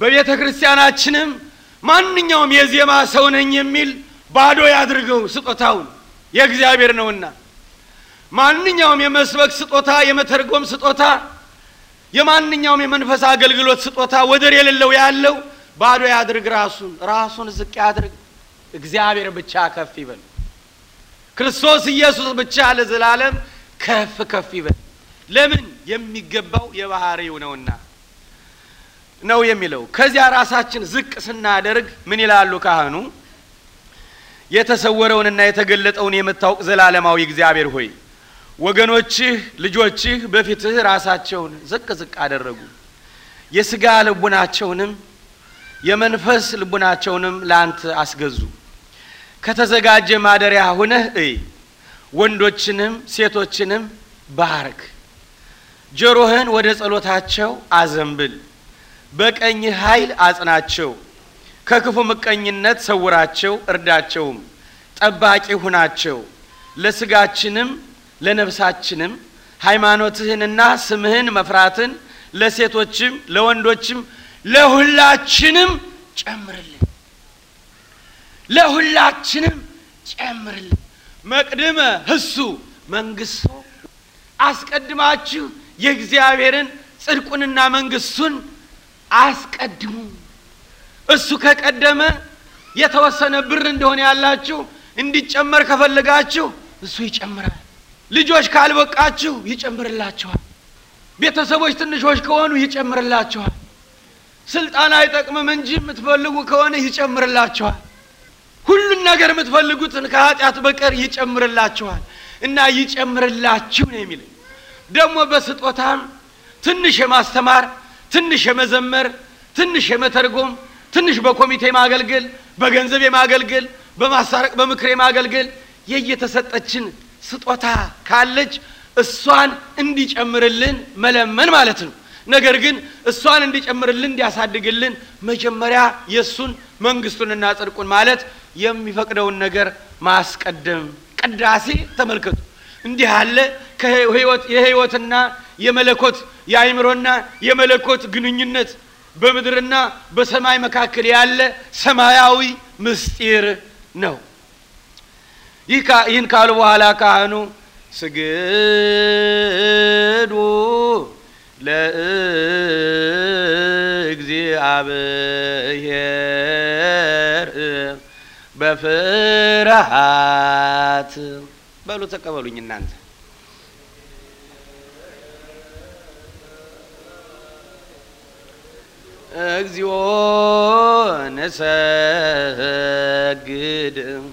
በቤተ ክርስቲያናችንም ማንኛውም የዜማ ሰው ነኝ የሚል ባዶ ያድርገው። ስጦታውን የእግዚአብሔር ነውና ማንኛውም የመስበክ ስጦታ፣ የመተርጎም ስጦታ የማንኛውም የመንፈስ አገልግሎት ስጦታ ወደር የሌለው ያለው ባዶ ያድርግ፣ ራሱን ራሱን ዝቅ ያድርግ፣ እግዚአብሔር ብቻ ከፍ ይበል። ክርስቶስ ኢየሱስ ብቻ ለዘላለም ከፍ ከፍ ይበል። ለምን የሚገባው የባህሪው ነውና ነው የሚለው። ከዚያ ራሳችን ዝቅ ስናደርግ ምን ይላሉ ካህኑ? የተሰወረውንና የተገለጠውን የምታውቅ ዘላለማዊ እግዚአብሔር ሆይ ወገኖችህ ልጆችህ በፊትህ ራሳቸውን ዝቅ ዝቅ አደረጉ። የስጋ ልቡናቸውንም የመንፈስ ልቡናቸውንም ለአንተ አስገዙ። ከተዘጋጀ ማደሪያ ሁነህ እይ፣ ወንዶችንም ሴቶችንም ባርክ። ጆሮህን ወደ ጸሎታቸው አዘንብል፣ በቀኝ ኃይል አጽናቸው፣ ከክፉ ምቀኝነት ሰውራቸው፣ እርዳቸውም፣ ጠባቂ ሁናቸው ለስጋችንም ለነፍሳችንም ሃይማኖትህንና ስምህን መፍራትን ለሴቶችም ለወንዶችም ለሁላችንም ጨምርልን፣ ለሁላችንም ጨምርልን። መቅድመ ህሱ መንግስቱ አስቀድማችሁ የእግዚአብሔርን ጽድቁንና መንግስቱን አስቀድሙ። እሱ ከቀደመ የተወሰነ ብር እንደሆነ ያላችሁ እንዲጨመር ከፈለጋችሁ እሱ ይጨምራል። ልጆች ካልበቃችሁ ይጨምርላችኋል። ቤተሰቦች ትንሾች ከሆኑ ይጨምርላችኋል። ስልጣን አይጠቅምም እንጂ የምትፈልጉ ከሆነ ይጨምርላችኋል። ሁሉን ነገር የምትፈልጉትን ከኃጢአት በቀር ይጨምርላችኋል እና ይጨምርላችሁ ነው የሚል ደግሞ በስጦታም ትንሽ የማስተማር ትንሽ የመዘመር ትንሽ የመተርጎም ትንሽ በኮሚቴ የማገልገል በገንዘብ የማገልገል፣ በማሳረቅ በምክር የማገልገል የየተሰጠችን ስጦታ ካለች እሷን እንዲጨምርልን መለመን ማለት ነው። ነገር ግን እሷን እንዲጨምርልን እንዲያሳድግልን መጀመሪያ የእሱን መንግስቱንና ጽድቁን ማለት የሚፈቅደውን ነገር ማስቀደም። ቅዳሴ ተመልከቱ፣ እንዲህ አለ የህይወትና የመለኮት የአይምሮና የመለኮት ግንኙነት በምድርና በሰማይ መካከል ያለ ሰማያዊ ምስጢር ነው። ይህን ካሉ በኋላ ካህኑ ስግዱ ለእግዚአብሔር በፍርሃት በሉ ተቀበሉኝ እናንተ እግዚኦ ነሰግድም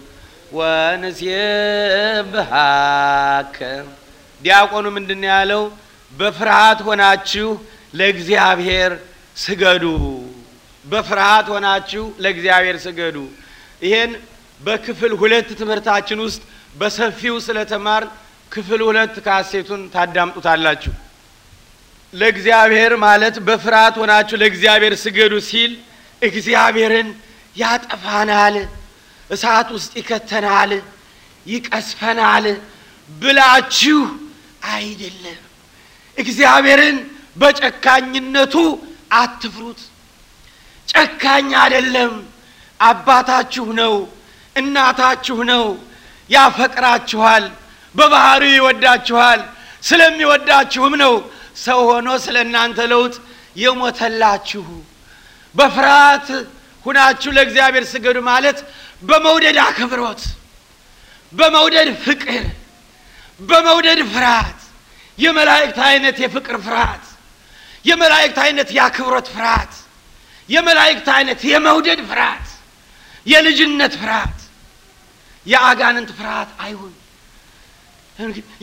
ወንሴብሐከ። ዲያቆኑ ምንድን ያለው? በፍርሃት ሆናችሁ ለእግዚአብሔር ስገዱ። በፍርሃት ሆናችሁ ለእግዚአብሔር ስገዱ። ይሄን በክፍል ሁለት ትምህርታችን ውስጥ በሰፊው ስለተማር ክፍል ሁለት ካሴቱን ታዳምጡታላችሁ። ለእግዚአብሔር ማለት በፍርሃት ሆናችሁ ለእግዚአብሔር ስገዱ ሲል እግዚአብሔርን ያጠፋናል እሳት ውስጥ ይከተናል፣ ይቀስፈናል ብላችሁ አይደለም። እግዚአብሔርን በጨካኝነቱ አትፍሩት። ጨካኝ አይደለም። አባታችሁ ነው፣ እናታችሁ ነው። ያፈቅራችኋል፣ በባህሪ ይወዳችኋል። ስለሚወዳችሁም ነው ሰው ሆኖ ስለ እናንተ ለውጥ የሞተላችሁ። በፍርሃት ሁናችሁ ለእግዚአብሔር ስገዱ ማለት በመውደድ አክብሮት፣ በመውደድ ፍቅር፣ በመውደድ ፍርሃት የመላእክት አይነት የፍቅር ፍርሃት፣ የመላእክት አይነት የአክብሮት ፍርሃት፣ የመላእክት አይነት የመውደድ ፍርሃት፣ የልጅነት ፍርሃት፣ የአጋንንት ፍርሃት አይሁን።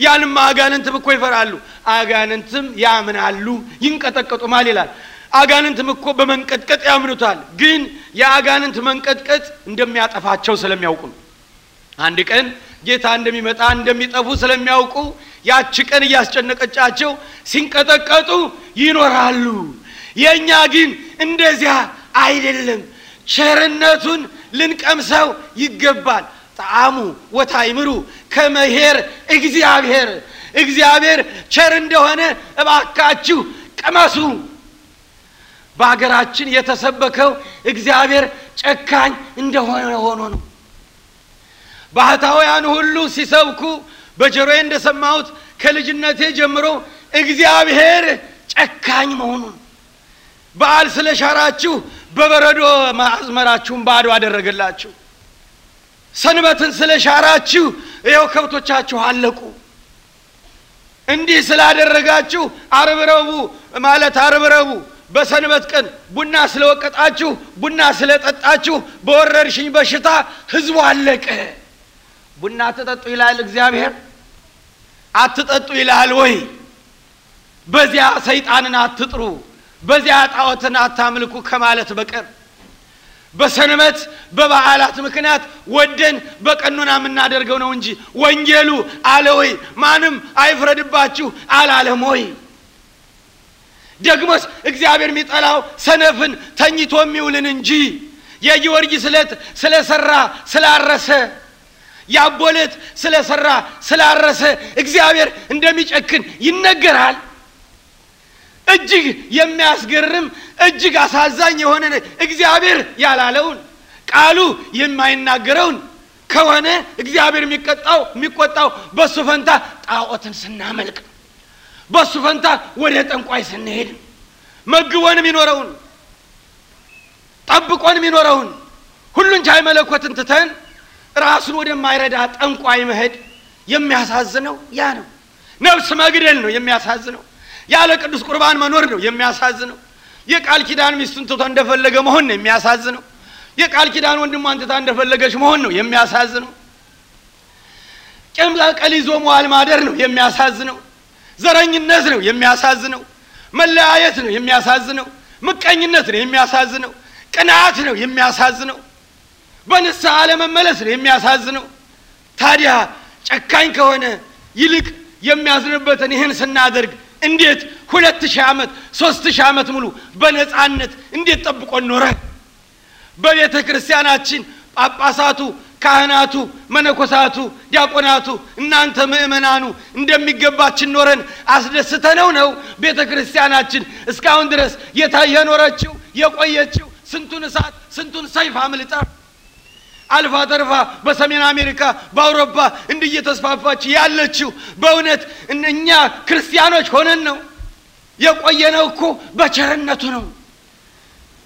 ያንም አጋንንትም እኮ ይፈራሉ። አጋንንትም ያምናሉ፣ ይንቀጠቀጡማል ይላል። አጋንንት እኮ በመንቀጥቀጥ ያምኑታል። ግን የአጋንንት መንቀጥቀጥ እንደሚያጠፋቸው ስለሚያውቁ ነው። አንድ ቀን ጌታ እንደሚመጣ እንደሚጠፉ ስለሚያውቁ ያቺ ቀን እያስጨነቀቻቸው ሲንቀጠቀጡ ይኖራሉ። የእኛ ግን እንደዚያ አይደለም። ቸርነቱን ልንቀምሰው ይገባል። ጣዕሙ ወታይምሩ ከመሄር እግዚአብሔር እግዚአብሔር ቸር እንደሆነ እባካችሁ ቀመሱ። በሀገራችን የተሰበከው እግዚአብሔር ጨካኝ እንደሆነ ሆኖ ነው። ባህታውያን ሁሉ ሲሰብኩ በጆሮዬ እንደሰማሁት ከልጅነቴ ጀምሮ እግዚአብሔር ጨካኝ መሆኑን በዓል ሻራችሁ በበረዶ ማዝመራችሁን ባዶ አደረገላችሁ። ሰንበትን ሻራችሁ ይኸው ከብቶቻችሁ አለቁ። እንዲህ ስላደረጋችሁ አርብረቡ ማለት አርብረቡ በሰንበት ቀን ቡና ስለወቀጣችሁ ቡና ስለጠጣችሁ በወረርሽኝ በሽታ ህዝቡ አለቀ። ቡና አትጠጡ ይላል እግዚአብሔር? አትጠጡ ይላል ወይ? በዚያ ሰይጣንን አትጥሩ፣ በዚያ ጣዖትን አታምልኩ ከማለት በቀር በሰንበት በበዓላት ምክንያት ወደን በቀኑና የምናደርገው ነው እንጂ ወንጌሉ አለ ወይ? ማንም አይፍረድባችሁ አላለም ወይ? ደግሞስ እግዚአብሔር የሚጠላው ሰነፍን ተኝቶ የሚውልን እንጂ የጊዮርጊስ ለት ስለሰራ ስላረሰ የአቦለት ስለሰራ ስላረሰ እግዚአብሔር እንደሚጨክን ይነገራል። እጅግ የሚያስገርም እጅግ አሳዛኝ የሆነ እግዚአብሔር ያላለውን ቃሉ የማይናገረውን ከሆነ እግዚአብሔር የሚቀጣው የሚቆጣው በሱ ፈንታ ጣዖትን ስናመልክ በሱ ፈንታ ወደ ጠንቋይ ስንሄድ መግቦን የሚኖረውን ጠብቆን የሚኖረውን ሁሉን ቻይ መለኮትን ትተን ራሱን ወደማይረዳ ጠንቋይ መሄድ የሚያሳዝነው ያ ነው። ነፍስ መግደል ነው የሚያሳዝነው። ያለ ቅዱስ ቁርባን መኖር ነው የሚያሳዝነው። የቃል ኪዳን ሚስቱን ትቶ እንደፈለገ መሆን ነው የሚያሳዝነው። የቃል ኪዳን ወንድሟን ትታ እንደፈለገች መሆን ነው የሚያሳዝነው። ቂም ይዞ መዋል ማደር ነው የሚያሳዝነው። ዘረኝነት ነው የሚያሳዝነው። መለያየት ነው የሚያሳዝነው። ምቀኝነት ነው የሚያሳዝነው። ቅንዓት ነው የሚያሳዝነው። በንስሐ አለመመለስ ነው የሚያሳዝነው። ታዲያ ጨካኝ ከሆነ ይልቅ የሚያዝንበትን ይህን ስናደርግ እንዴት ሁለት ሺህ ዓመት ሶስት ሺህ ዓመት ሙሉ በነፃነት እንዴት ጠብቆን ኖረ? በቤተ ክርስቲያናችን ጳጳሳቱ ካህናቱ፣ መነኮሳቱ፣ ዲያቆናቱ፣ እናንተ ምእመናኑ እንደሚገባችን ኖረን አስደስተነው ነው ቤተ ክርስቲያናችን እስካሁን ድረስ የኖረችው የቆየችው። ስንቱን እሳት ስንቱን ሰይፍ አምልጣ አልፋ ተርፋ በሰሜን አሜሪካ በአውሮፓ እንዲህ እየተስፋፋች ያለችው በእውነት እኛ ክርስቲያኖች ሆነን ነው። የቆየነው እኮ በቸርነቱ ነው።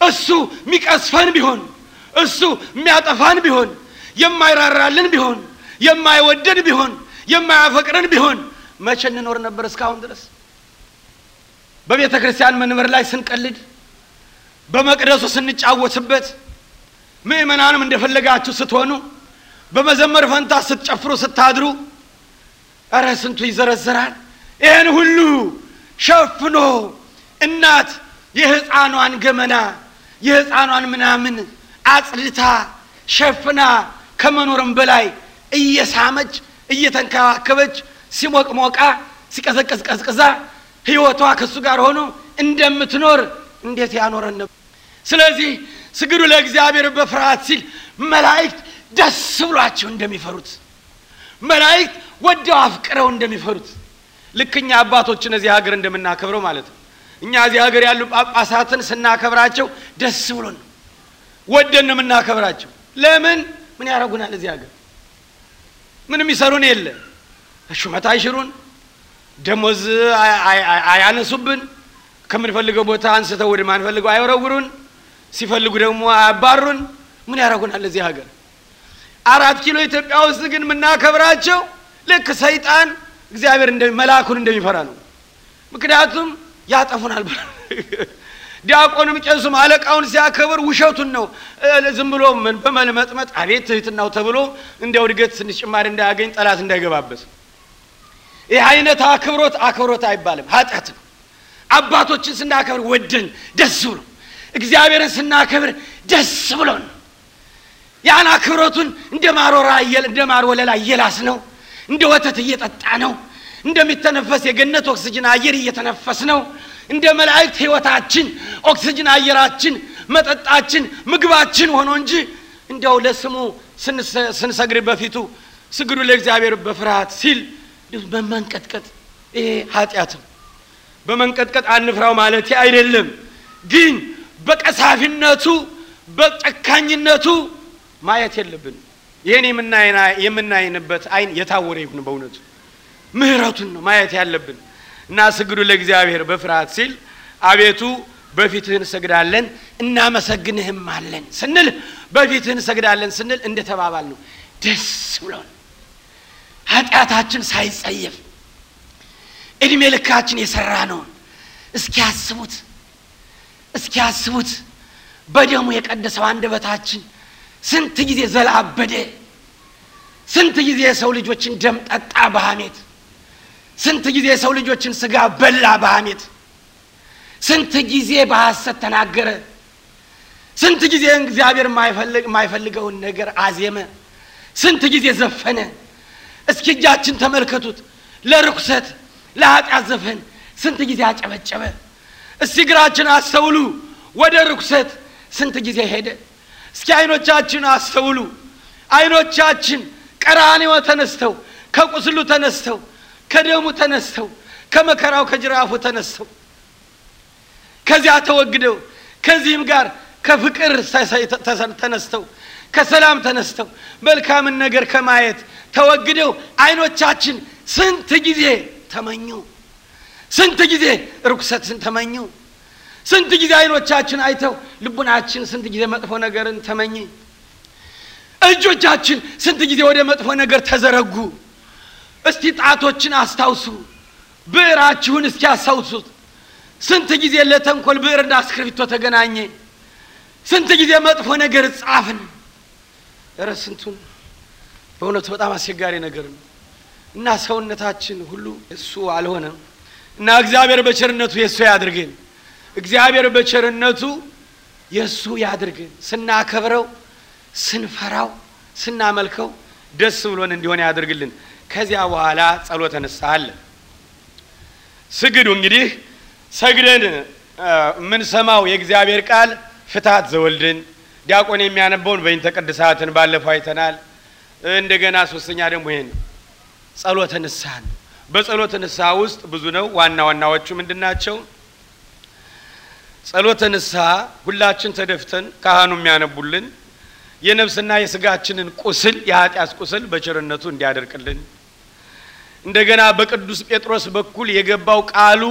እሱ የሚቀስፈን ቢሆን እሱ የሚያጠፋን ቢሆን የማይራራልን ቢሆን የማይወደን ቢሆን የማያፈቅረን ቢሆን መቼ እንኖር ነበር? እስካሁን ድረስ በቤተ ክርስቲያን መንበር ላይ ስንቀልድ፣ በመቅደሱ ስንጫወትበት፣ ምእመናንም እንደፈለጋችሁ ስትሆኑ፣ በመዘመር ፈንታ ስትጨፍሩ ስታድሩ፣ እረ ስንቱ ይዘረዘራል። ይህን ሁሉ ሸፍኖ እናት የህፃኗን ገመና የህፃኗን ምናምን አጽድታ ሸፍና ከመኖርም በላይ እየሳመች እየተንከባከበች ሲሞቅ ሞቃ ሲቀዘቅዝ ቀዝቅዛ ህይወቷ ከእሱ ጋር ሆኖ እንደምትኖር እንዴት ያኖረን ነበር። ስለዚህ ስግዱ ለእግዚአብሔር በፍርሃት ሲል መላእክት ደስ ብሏቸው እንደሚፈሩት መላእክት ወደው አፍቅረው እንደሚፈሩት ልክኛ አባቶችን እዚህ ሀገር እንደምናከብረው ማለት ነው። እኛ እዚህ ሀገር ያሉ ጳጳሳትን ስናከብራቸው ደስ ብሎን ወደን የምናከብራቸው። ለምን ምን ያረጉናል እዚህ ሀገር ምን የሚሰሩን የለ። ሹመት አይሽሩን፣ ደሞዝ አያነሱብን፣ ከምንፈልገው ቦታ አንስተው ወደ ማንፈልገው አይወረውሩን፣ ሲፈልጉ ደግሞ አያባሩን። ምን ያረጉናል እዚህ ሀገር አራት ኪሎ ኢትዮጵያ ውስጥ ግን የምናከብራቸው ልክ ሰይጣን እግዚአብሔር መልአኩን እንደሚፈራ ነው። ምክንያቱም ያጠፉናል ዲያቆንም ቄሱም አለቃውን ሲያከብር ውሸቱን ነው። ዝም ብሎ በመልመጥመጥ አቤት ትህትናው ተብሎ እንዲያው እድገት ትንሽ ጭማሪ እንዳያገኝ ጠላት እንዳይገባበት። ይህ አይነት አክብሮት አክብሮት አይባልም፣ ኃጢአት ነው። አባቶችን ስናከብር ወደን ደስ ብሎ እግዚአብሔርን ስናከብር ደስ ብሎ ነው። ያን አክብሮቱን እንደ ማሮራ እንደ ማር ወለላ እየላስ ነው፣ እንደ ወተት እየጠጣ ነው፣ እንደሚተነፈስ የገነት ኦክስጅን አየር እየተነፈስ ነው። እንደ መላእክት ህይወታችን፣ ኦክስጅን አየራችን፣ መጠጣችን፣ ምግባችን ሆኖ እንጂ እንዲያው ለስሙ ስንሰግድ በፊቱ ስግዱ ለእግዚአብሔር በፍርሃት ሲል በመንቀጥቀጥ ይሄ ኃጢአትም በመንቀጥቀጥ አንፍራው ማለት አይደለም። ግን በቀሳፊነቱ በጨካኝነቱ ማየት የለብንም። ይህን የምናይንበት አይን የታወረ ይሁን። በእውነቱ ምህረቱን ነው ማየት ያለብን። እና ስግዱ ለእግዚአብሔር በፍርሃት ሲል አቤቱ በፊትህ እንሰግዳለን እናመሰግንህም አለን ስንል በፊትህ እንሰግዳለን ስንል እንደ ተባባል ነው ደስ ብሎን ኃጢአታችን ሳይጸየፍ እድሜ ልካችን የሰራ ነውን እስኪያስቡት እስኪያስቡት በደሙ የቀደሰው አንደበታችን ስንት ጊዜ ዘላበደ ስንት ጊዜ የሰው ልጆችን ደም ጠጣ በሐሜት ስንት ጊዜ የሰው ልጆችን ስጋ በላ በሐሜት ስንት ጊዜ በሐሰት ተናገረ። ስንት ጊዜ እግዚአብሔር የማይፈልገውን ነገር አዜመ። ስንት ጊዜ ዘፈነ። እስኪ እጃችን ተመልከቱት። ለርኩሰት ለኃጢአት ዘፈን ስንት ጊዜ አጨበጨበ። እስቲ እግራችን አስተውሉ። ወደ ርኩሰት ስንት ጊዜ ሄደ። እስኪ አይኖቻችን አስተውሉ። አይኖቻችን ቀራኔዎ ተነስተው ከቁስሉ ተነስተው ከደሙ ተነስተው ከመከራው ከጅራፉ ተነስተው ከዚያ ተወግደው ከዚህም ጋር ከፍቅር ተነስተው ከሰላም ተነስተው መልካምን ነገር ከማየት ተወግደው አይኖቻችን ስንት ጊዜ ተመኙ፣ ስንት ጊዜ ርኩሰትን ተመኙ፣ ስንት ጊዜ አይኖቻችን አይተው ልቡናችን ስንት ጊዜ መጥፎ ነገርን ተመኝ? እጆቻችን ስንት ጊዜ ወደ መጥፎ ነገር ተዘረጉ። እስቲ ጣቶችን አስታውሱ፣ ብዕራችሁን እስኪ አስታውሱት። ስንት ጊዜ ለተንኮል ብዕር እንዳ እስክርቢቶ ተገናኘ? ስንት ጊዜ መጥፎ ነገር ጻፍን? እረ ስንቱን! በእውነቱ በጣም አስቸጋሪ ነገር ነው እና ሰውነታችን ሁሉ እሱ አልሆነም እና እግዚአብሔር በቸርነቱ የእሱ ያድርግን። እግዚአብሔር በቸርነቱ የእሱ ያድርገን። ስናከብረው፣ ስንፈራው፣ ስናመልከው ደስ ብሎን እንዲሆን ያድርግልን። ከዚያ በኋላ ጸሎተ ንስሐ አለ። ስግዱ እንግዲህ ሰግደን የምንሰማው የእግዚአብሔር ቃል ፍትሐት ዘወልድን ዲያቆን የሚያነበውን በይንተ ቅድሳትን ባለፈው አይተናል። እንደገና ሶስተኛ ደግሞ ይሄን ጸሎተ ንስሐ ነው። በጸሎተ ንስሐ ውስጥ ብዙ ነው። ዋና ዋናዎቹ ምንድን ናቸው? ጸሎተ ንስሐ ሁላችን ተደፍተን ካህኑ የሚያነቡልን የነፍስና የስጋችንን ቁስል የኃጢአት ቁስል በቸርነቱ እንዲያደርቅልን እንደገና በቅዱስ ጴጥሮስ በኩል የገባው ቃሉ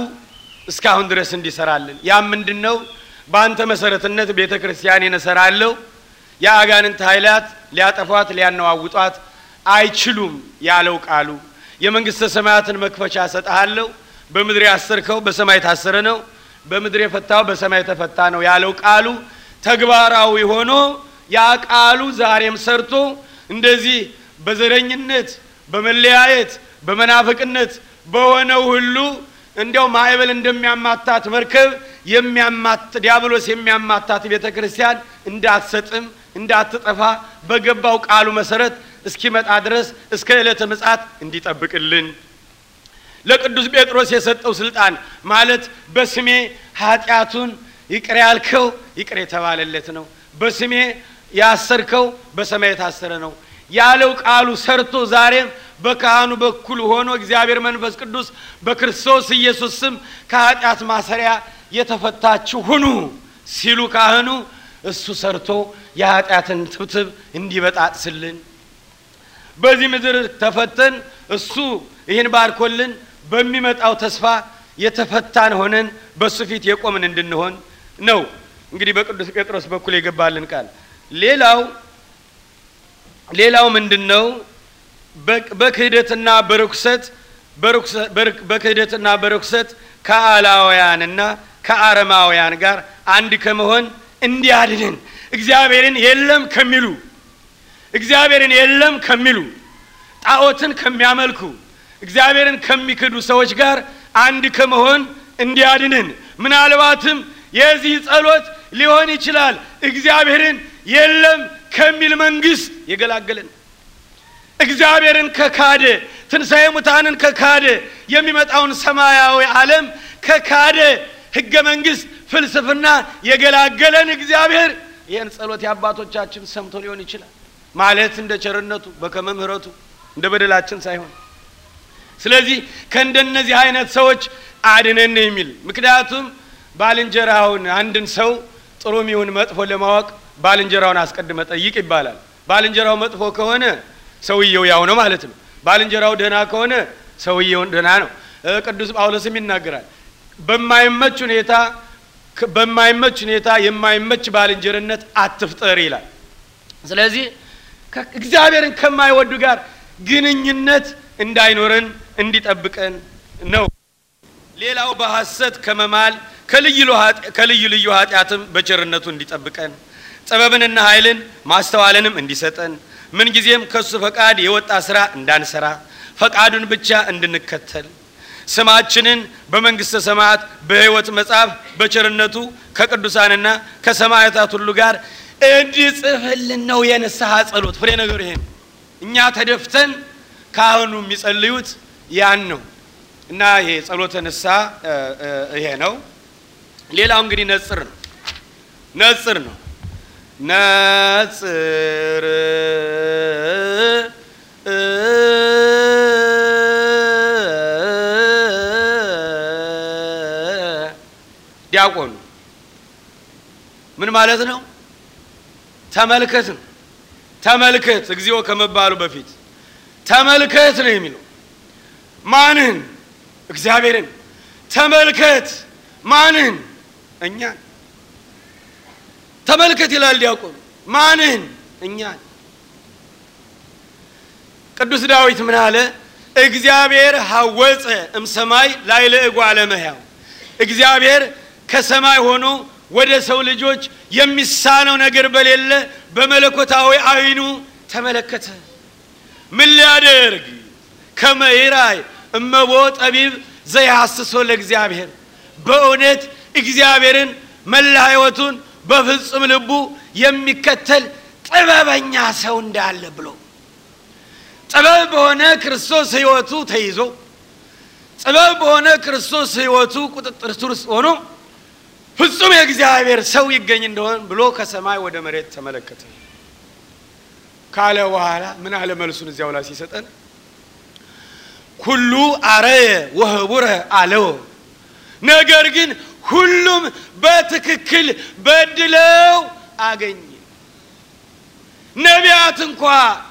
እስካሁን ድረስ እንዲሰራልን ያ ምንድን ነው? በአንተ መሰረትነት ቤተ ክርስቲያን እሰራለሁ፣ የአጋንንት ኃይላት ሊያጠፏት ሊያነዋውጧት አይችሉም ያለው ቃሉ የመንግስተ ሰማያትን መክፈቻ እሰጥሃለሁ፣ በምድር ያሰርከው በሰማይ ታሰረ ነው፣ በምድር የፈታው በሰማይ ተፈታ ነው ያለው ቃሉ ተግባራዊ ሆኖ ያ ቃሉ ዛሬም ሰርቶ እንደዚህ በዘረኝነት በመለያየት በመናፍቅነት በሆነው ሁሉ እንዲያው ማዕበል እንደሚያማታት መርከብ ዲያብሎስ የሚያማታት ቤተ ክርስቲያን እንዳትሰጥም እንዳትጠፋ በገባው ቃሉ መሰረት እስኪመጣ ድረስ እስከ ዕለተ ምጽአት እንዲጠብቅልን ለቅዱስ ጴጥሮስ የሰጠው ስልጣን ማለት በስሜ ኃጢአቱን ይቅር ያልከው ይቅር የተባለለት ነው። በስሜ ያሰርከው በሰማይ የታሰረ ነው ያለው ቃሉ ሰርቶ ዛሬም በካህኑ በኩል ሆኖ እግዚአብሔር መንፈስ ቅዱስ በክርስቶስ ኢየሱስ ስም ከኃጢአት ማሰሪያ የተፈታችሁ ሁኑ ሲሉ ካህኑ እሱ ሰርቶ የኃጢአትን ትብትብ እንዲበጣጥስልን በዚህ ምድር ተፈተን እሱ ይህን ባርኮልን በሚመጣው ተስፋ የተፈታን ሆነን በእሱ ፊት የቆምን እንድንሆን ነው። እንግዲህ በቅዱስ ጴጥሮስ በኩል የገባልን ቃል ሌላው ሌላው ምንድን ነው? በክህደትና በርኩሰት በክህደትና በርኩሰት ከአላውያንና ከአረማውያን ጋር አንድ ከመሆን እንዲያድንን እግዚአብሔርን የለም ከሚሉ እግዚአብሔርን የለም ከሚሉ ጣዖትን ከሚያመልኩ እግዚአብሔርን ከሚክዱ ሰዎች ጋር አንድ ከመሆን እንዲያድንን ምናልባትም የዚህ ጸሎት ሊሆን ይችላል እግዚአብሔርን የለም ከሚል መንግስት የገላገለን እግዚአብሔርን ከካደ ትንሣኤ ሙታንን ከካደ የሚመጣውን ሰማያዊ ዓለም ከካደ ህገ መንግሥት ፍልስፍና የገላገለን እግዚአብሔር ይህን ጸሎት የአባቶቻችን ሰምቶ ሊሆን ይችላል። ማለት እንደ ቸርነቱ በከመምህረቱ እንደ በደላችን ሳይሆን ስለዚህ ከእንደነዚህ አይነት ሰዎች አድነን የሚል ምክንያቱም ባልንጀራውን አንድን ሰው ጥሩም ይሁን መጥፎ ለማወቅ ባልንጀራውን አስቀድመ ጠይቅ ይባላል። ባልንጀራው መጥፎ ከሆነ ሰውየው ያው ነው ማለት ነው። ባልንጀራው ደህና ከሆነ ሰውየው ደህና ነው። ቅዱስ ጳውሎስም ይናገራል። በማይመች ሁኔታ በማይመች ሁኔታ የማይመች ባልንጀርነት አትፍጠር ይላል። ስለዚህ እግዚአብሔርን ከማይወዱ ጋር ግንኙነት እንዳይኖረን እንዲጠብቀን ነው። ሌላው በሐሰት ከመማል ከልዩ ልዩ ኃጢአትም በቸርነቱ እንዲጠብቀን ጥበብንና ኃይልን ማስተዋልንም እንዲሰጠን ምንጊዜም ከሱ ፈቃድ የወጣ ስራ እንዳንሰራ ፈቃዱን ብቻ እንድንከተል ስማችንን በመንግሥተ ሰማያት በሕይወት መጽሐፍ በቸርነቱ ከቅዱሳንና ከሰማያታት ሁሉ ጋር እንዲጽፍልን ነው የንስሐ ጸሎት። ፍሬ ነገሩ ይሄ እኛ ተደፍተን ካህኑ የሚጸልዩት ያን ነው እና ይሄ ጸሎተ ንስሐ ይሄ ነው። ሌላው እንግዲህ ነጽር ነው ነጽር ነው ነጽር ዲያቆኑ ምን ማለት ነው? ተመልከት ነው። ተመልከት እግዚኦ ከመባሉ በፊት ተመልከት ነው የሚለው ማንን? እግዚአብሔርን። ተመልከት ማንን? እኛን ተመልከት ይላል ዲያቆኑ። ማንህን? እኛን። ቅዱስ ዳዊት ምን አለ? እግዚአብሔር ሀወፀ እምሰማይ ላዕለ እጓለ እመሕያው። እግዚአብሔር ከሰማይ ሆኖ ወደ ሰው ልጆች የሚሳነው ነገር በሌለ በመለኮታዊ አይኑ ተመለከተ። ምን ሊያደርግ ከመይራይ እመቦ ጠቢብ ዘይሐስሶ ለእግዚአብሔር። በእውነት እግዚአብሔርን መላ ሕይወቱን በፍጹም ልቡ የሚከተል ጥበበኛ ሰው እንዳለ ብሎ ጥበብ በሆነ ክርስቶስ ህይወቱ ተይዞ ጥበብ በሆነ ክርስቶስ ህይወቱ ቁጥጥር ስር ሆኖ ፍጹም የእግዚአብሔር ሰው ይገኝ እንደሆን ብሎ ከሰማይ ወደ መሬት ተመለከተ ካለ በኋላ ምን አለ? መልሱን እዚያው ላይ ሲሰጠን ኩሉ አረየ ወህቡረ አለው። ነገር ግን ሁሉም በትክክል በድለው አገኘ። ነቢያት እንኳ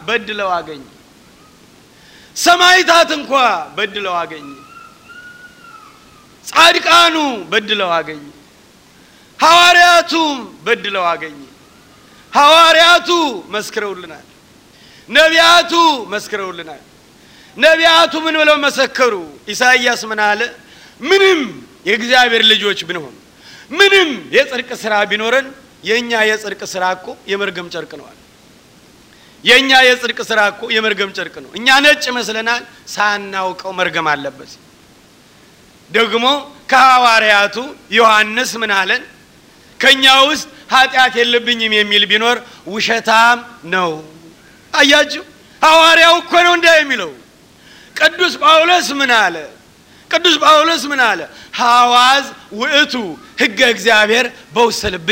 በድለው አገኘ። ሰማይታት እንኳ በድለው አገኘ። ጻድቃኑ በድለው አገኘ። ሐዋርያቱ በድለው አገኘ። ሐዋርያቱ መስክረውልናል። ነቢያቱ መስክረውልናል። ነቢያቱ ምን ብለው መሰከሩ? ኢሳይያስ ምን አለ? ምንም የእግዚአብሔር ልጆች ብንሆን ምንም የጽድቅ ስራ ቢኖረን የእኛ የጽድቅ ስራ እኮ የመርገም ጨርቅ ነዋል። የእኛ የጽድቅ ስራ እኮ የመርገም ጨርቅ ነው። እኛ ነጭ ይመስለናል፣ ሳናውቀው መርገም አለበት። ደግሞ ከሐዋርያቱ ዮሐንስ ምን አለን? ከእኛ ውስጥ ኃጢአት የለብኝም የሚል ቢኖር ውሸታም ነው። አያችሁ፣ ሐዋርያው እኮ ነው እንዳ የሚለው። ቅዱስ ጳውሎስ ምን አለ? ቅዱስ ጳውሎስ ምን አለ? ሐዋዝ ውእቱ ህገ እግዚአብሔር በውስተ ልቤ።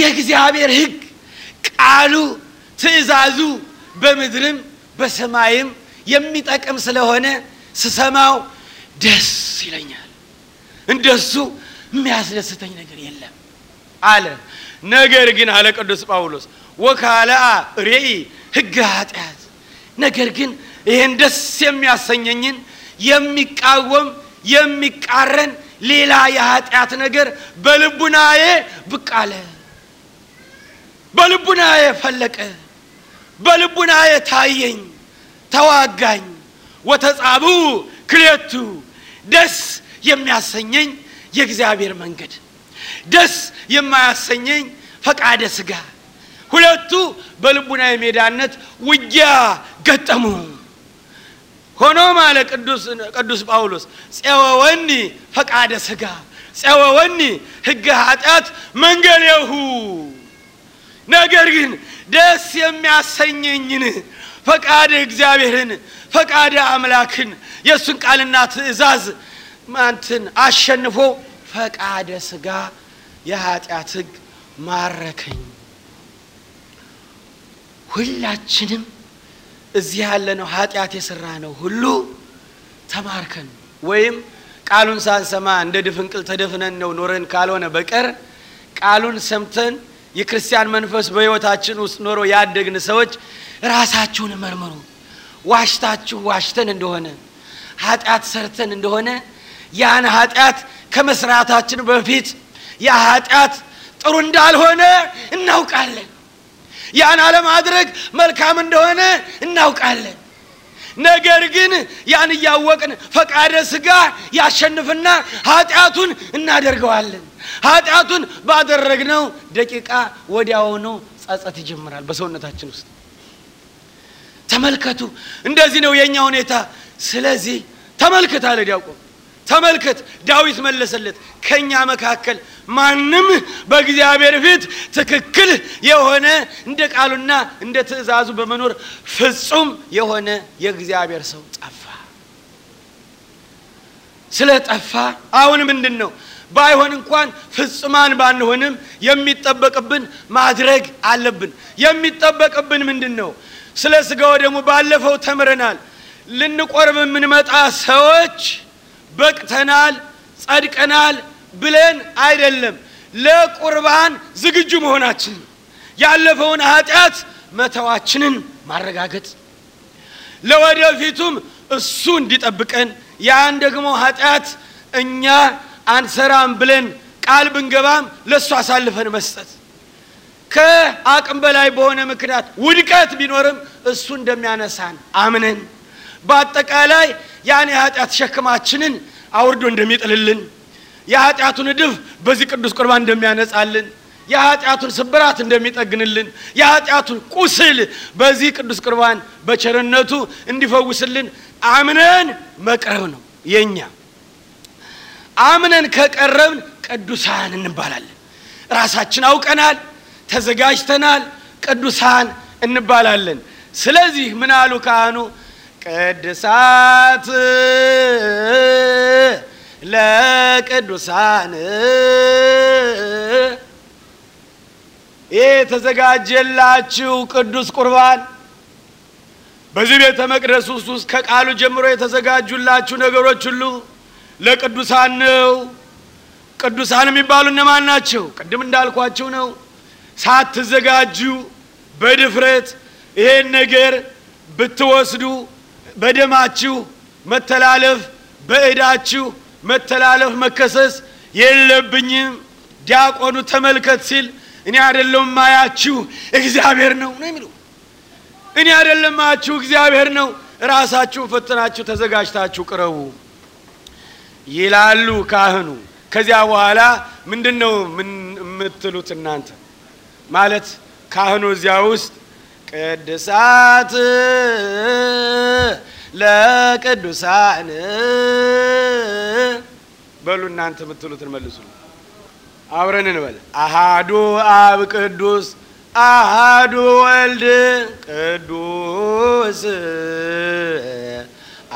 የእግዚአብሔር ህግ ቃሉ፣ ትእዛዙ በምድርም በሰማይም የሚጠቅም ስለሆነ ስሰማው ደስ ይለኛል። እንደሱ የሚያስደስተኝ ነገር የለም አለ። ነገር ግን አለ ቅዱስ ጳውሎስ ወካላ ሬኢ ህገ ኃጢአት፣ ነገር ግን ይህን ደስ የሚያሰኘኝን የሚቃወም የሚቃረን ሌላ የኃጢአት ነገር በልቡናዬ ብቅ አለ። በልቡናዬ ፈለቀ። በልቡናዬ ታየኝ፣ ተዋጋኝ። ወተጻቡ ክሌቱ ደስ የሚያሰኘኝ የእግዚአብሔር መንገድ፣ ደስ የማያሰኘኝ ፈቃደ ስጋ ሁለቱ በልቡናዬ ሜዳነት ውጊያ ገጠሙ። ሆኖም አለ ቅዱስ ጳውሎስ ፄወወኒ ፈቃደ ስጋ ፄወወኒ ህግ ኃጢአት መንገሌሁ ነገር ግን ደስ የሚያሰኘኝን ፈቃደ እግዚአብሔርን ፈቃደ አምላክን የእሱን ቃልና ትእዛዝ ማንትን አሸንፎ ፈቃደ ስጋ የኃጢአት ህግ ማረከኝ። ሁላችንም እዚህ ያለነው ኃጢአት የሰራ ነው ሁሉ ተማርከን ወይም ቃሉን ሳንሰማ እንደ ድፍንቅል ተደፍነን ነው ኖረን ካልሆነ በቀር ቃሉን ሰምተን የክርስቲያን መንፈስ በሕይወታችን ውስጥ ኖሮ ያደግን ሰዎች ራሳችሁን መርምሩ። ዋሽታችሁ ዋሽተን እንደሆነ ኃጢአት ሰርተን እንደሆነ ያን ኃጢአት ከመስራታችን በፊት ያ ኃጢአት ጥሩ እንዳልሆነ እናውቃለን። ያን አለማድረግ መልካም እንደሆነ እናውቃለን። ነገር ግን ያን እያወቅን ፈቃደ ስጋ ያሸንፍና ኃጢአቱን እናደርገዋለን። ኃጢአቱን ባደረግነው ደቂቃ ወዲያውኑ ጸጸት ይጀምራል በሰውነታችን ውስጥ። ተመልከቱ፣ እንደዚህ ነው የእኛ ሁኔታ። ስለዚህ ተመልከት አለ ዲያቆን። ተመልከት፣ ዳዊት መለሰለት ከእኛ መካከል ማንም በእግዚአብሔር ፊት ትክክል የሆነ እንደ ቃሉና እንደ ትእዛዙ በመኖር ፍጹም የሆነ የእግዚአብሔር ሰው ጠፋ። ስለ ጠፋ አሁን ምንድን ነው? ባይሆን እንኳን ፍጹማን ባንሆንም የሚጠበቅብን ማድረግ አለብን። የሚጠበቅብን ምንድን ነው? ስለ ስጋው ደግሞ ባለፈው ተምረናል። ልንቆርብ የምንመጣ ሰዎች በቅተናል፣ ጸድቀናል ብለን አይደለም፣ ለቁርባን ዝግጁ መሆናችን ያለፈውን ኃጢአት መተዋችንን ማረጋገጥ ለወደፊቱም እሱ እንዲጠብቀን ያን ደግሞ ኃጢአት እኛ አንሰራም ብለን ቃል ብንገባም ለእሱ አሳልፈን መስጠት ከአቅም በላይ በሆነ ምክንያት ውድቀት ቢኖርም እሱ እንደሚያነሳን አምነን በአጠቃላይ ያን የኃጢአት ሸክማችንን አውርዶ እንደሚጥልልን የኃጢአቱን እድፍ በዚህ ቅዱስ ቁርባን እንደሚያነጻልን የኃጢአቱን ስብራት እንደሚጠግንልን የኃጢአቱን ቁስል በዚህ ቅዱስ ቁርባን በቸርነቱ እንዲፈውስልን አምነን መቅረብ ነው የእኛ። አምነን ከቀረብን ቅዱሳን እንባላለን። ራሳችን አውቀናል፣ ተዘጋጅተናል፣ ቅዱሳን እንባላለን። ስለዚህ ምን አሉ ካህኑ ቅድሳት ለቅዱሳን የተዘጋጀላችሁ ቅዱስ ቁርባን በዚህ ቤተ መቅደስ ውስጥ ውስጥ ከቃሉ ጀምሮ የተዘጋጁላችሁ ነገሮች ሁሉ ለቅዱሳን ነው። ቅዱሳን የሚባሉ እነማን ናቸው? ቅድም እንዳልኳቸው ነው። ሳትዘጋጁ በድፍረት ይሄን ነገር ብትወስዱ በደማችሁ መተላለፍ በእዳችሁ መተላለፍ መከሰስ የለብኝም። ዲያቆኑ ተመልከት ሲል እኔ አይደለም ማያችሁ እግዚአብሔር ነው ነው የሚለው። እኔ አይደለም ማያችሁ እግዚአብሔር ነው፣ ራሳችሁን ፈትናችሁ ተዘጋጅታችሁ ቅረቡ ይላሉ ካህኑ። ከዚያ በኋላ ምንድን ነው የምትሉት እናንተ? ማለት ካህኑ እዚያ ውስጥ ቅድሳት ለቅዱሳን በሉ እናንተ የምትሉትን መልሱ። አብረን እንበል። አሃዱ አብ ቅዱስ፣ አሃዱ ወልድ ቅዱስ፣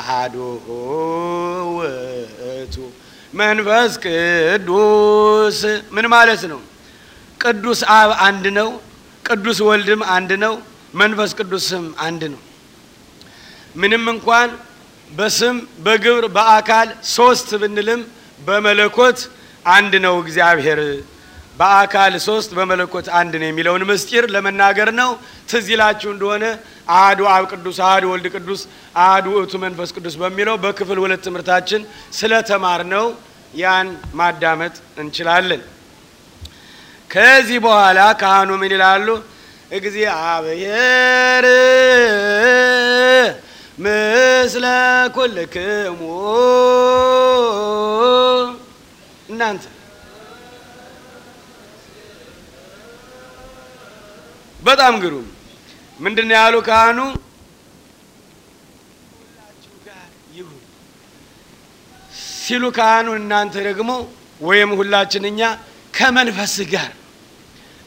አሃዱ ውእቱ መንፈስ ቅዱስ። ምን ማለት ነው? ቅዱስ አብ አንድ ነው። ቅዱስ ወልድም አንድ ነው። መንፈስ ቅዱስም አንድ ነው። ምንም እንኳን በስም በግብር በአካል ሶስት ብንልም በመለኮት አንድ ነው። እግዚአብሔር በአካል ሶስት በመለኮት አንድ ነው የሚለውን ምስጢር ለመናገር ነው። ትዝ እንደሆነ አህዱ አብ ቅዱስ፣ አህዱ ወልድ ቅዱስ፣ አህዱ ውእቱ መንፈስ ቅዱስ በሚለው በክፍል ሁለት ትምህርታችን ስለተማር ነው ያን ማዳመጥ እንችላለን። ከዚህ በኋላ ካህኑ ምን ይላሉ? እግዚአብሔር ምስለ ኩልክሙ እናንተ በጣም ግሩም ምንድን ነው ያሉ ካህኑ? ሲሉ ካህኑ እናንተ ደግሞ ወይም ሁላችን እኛ ከመንፈስ ጋር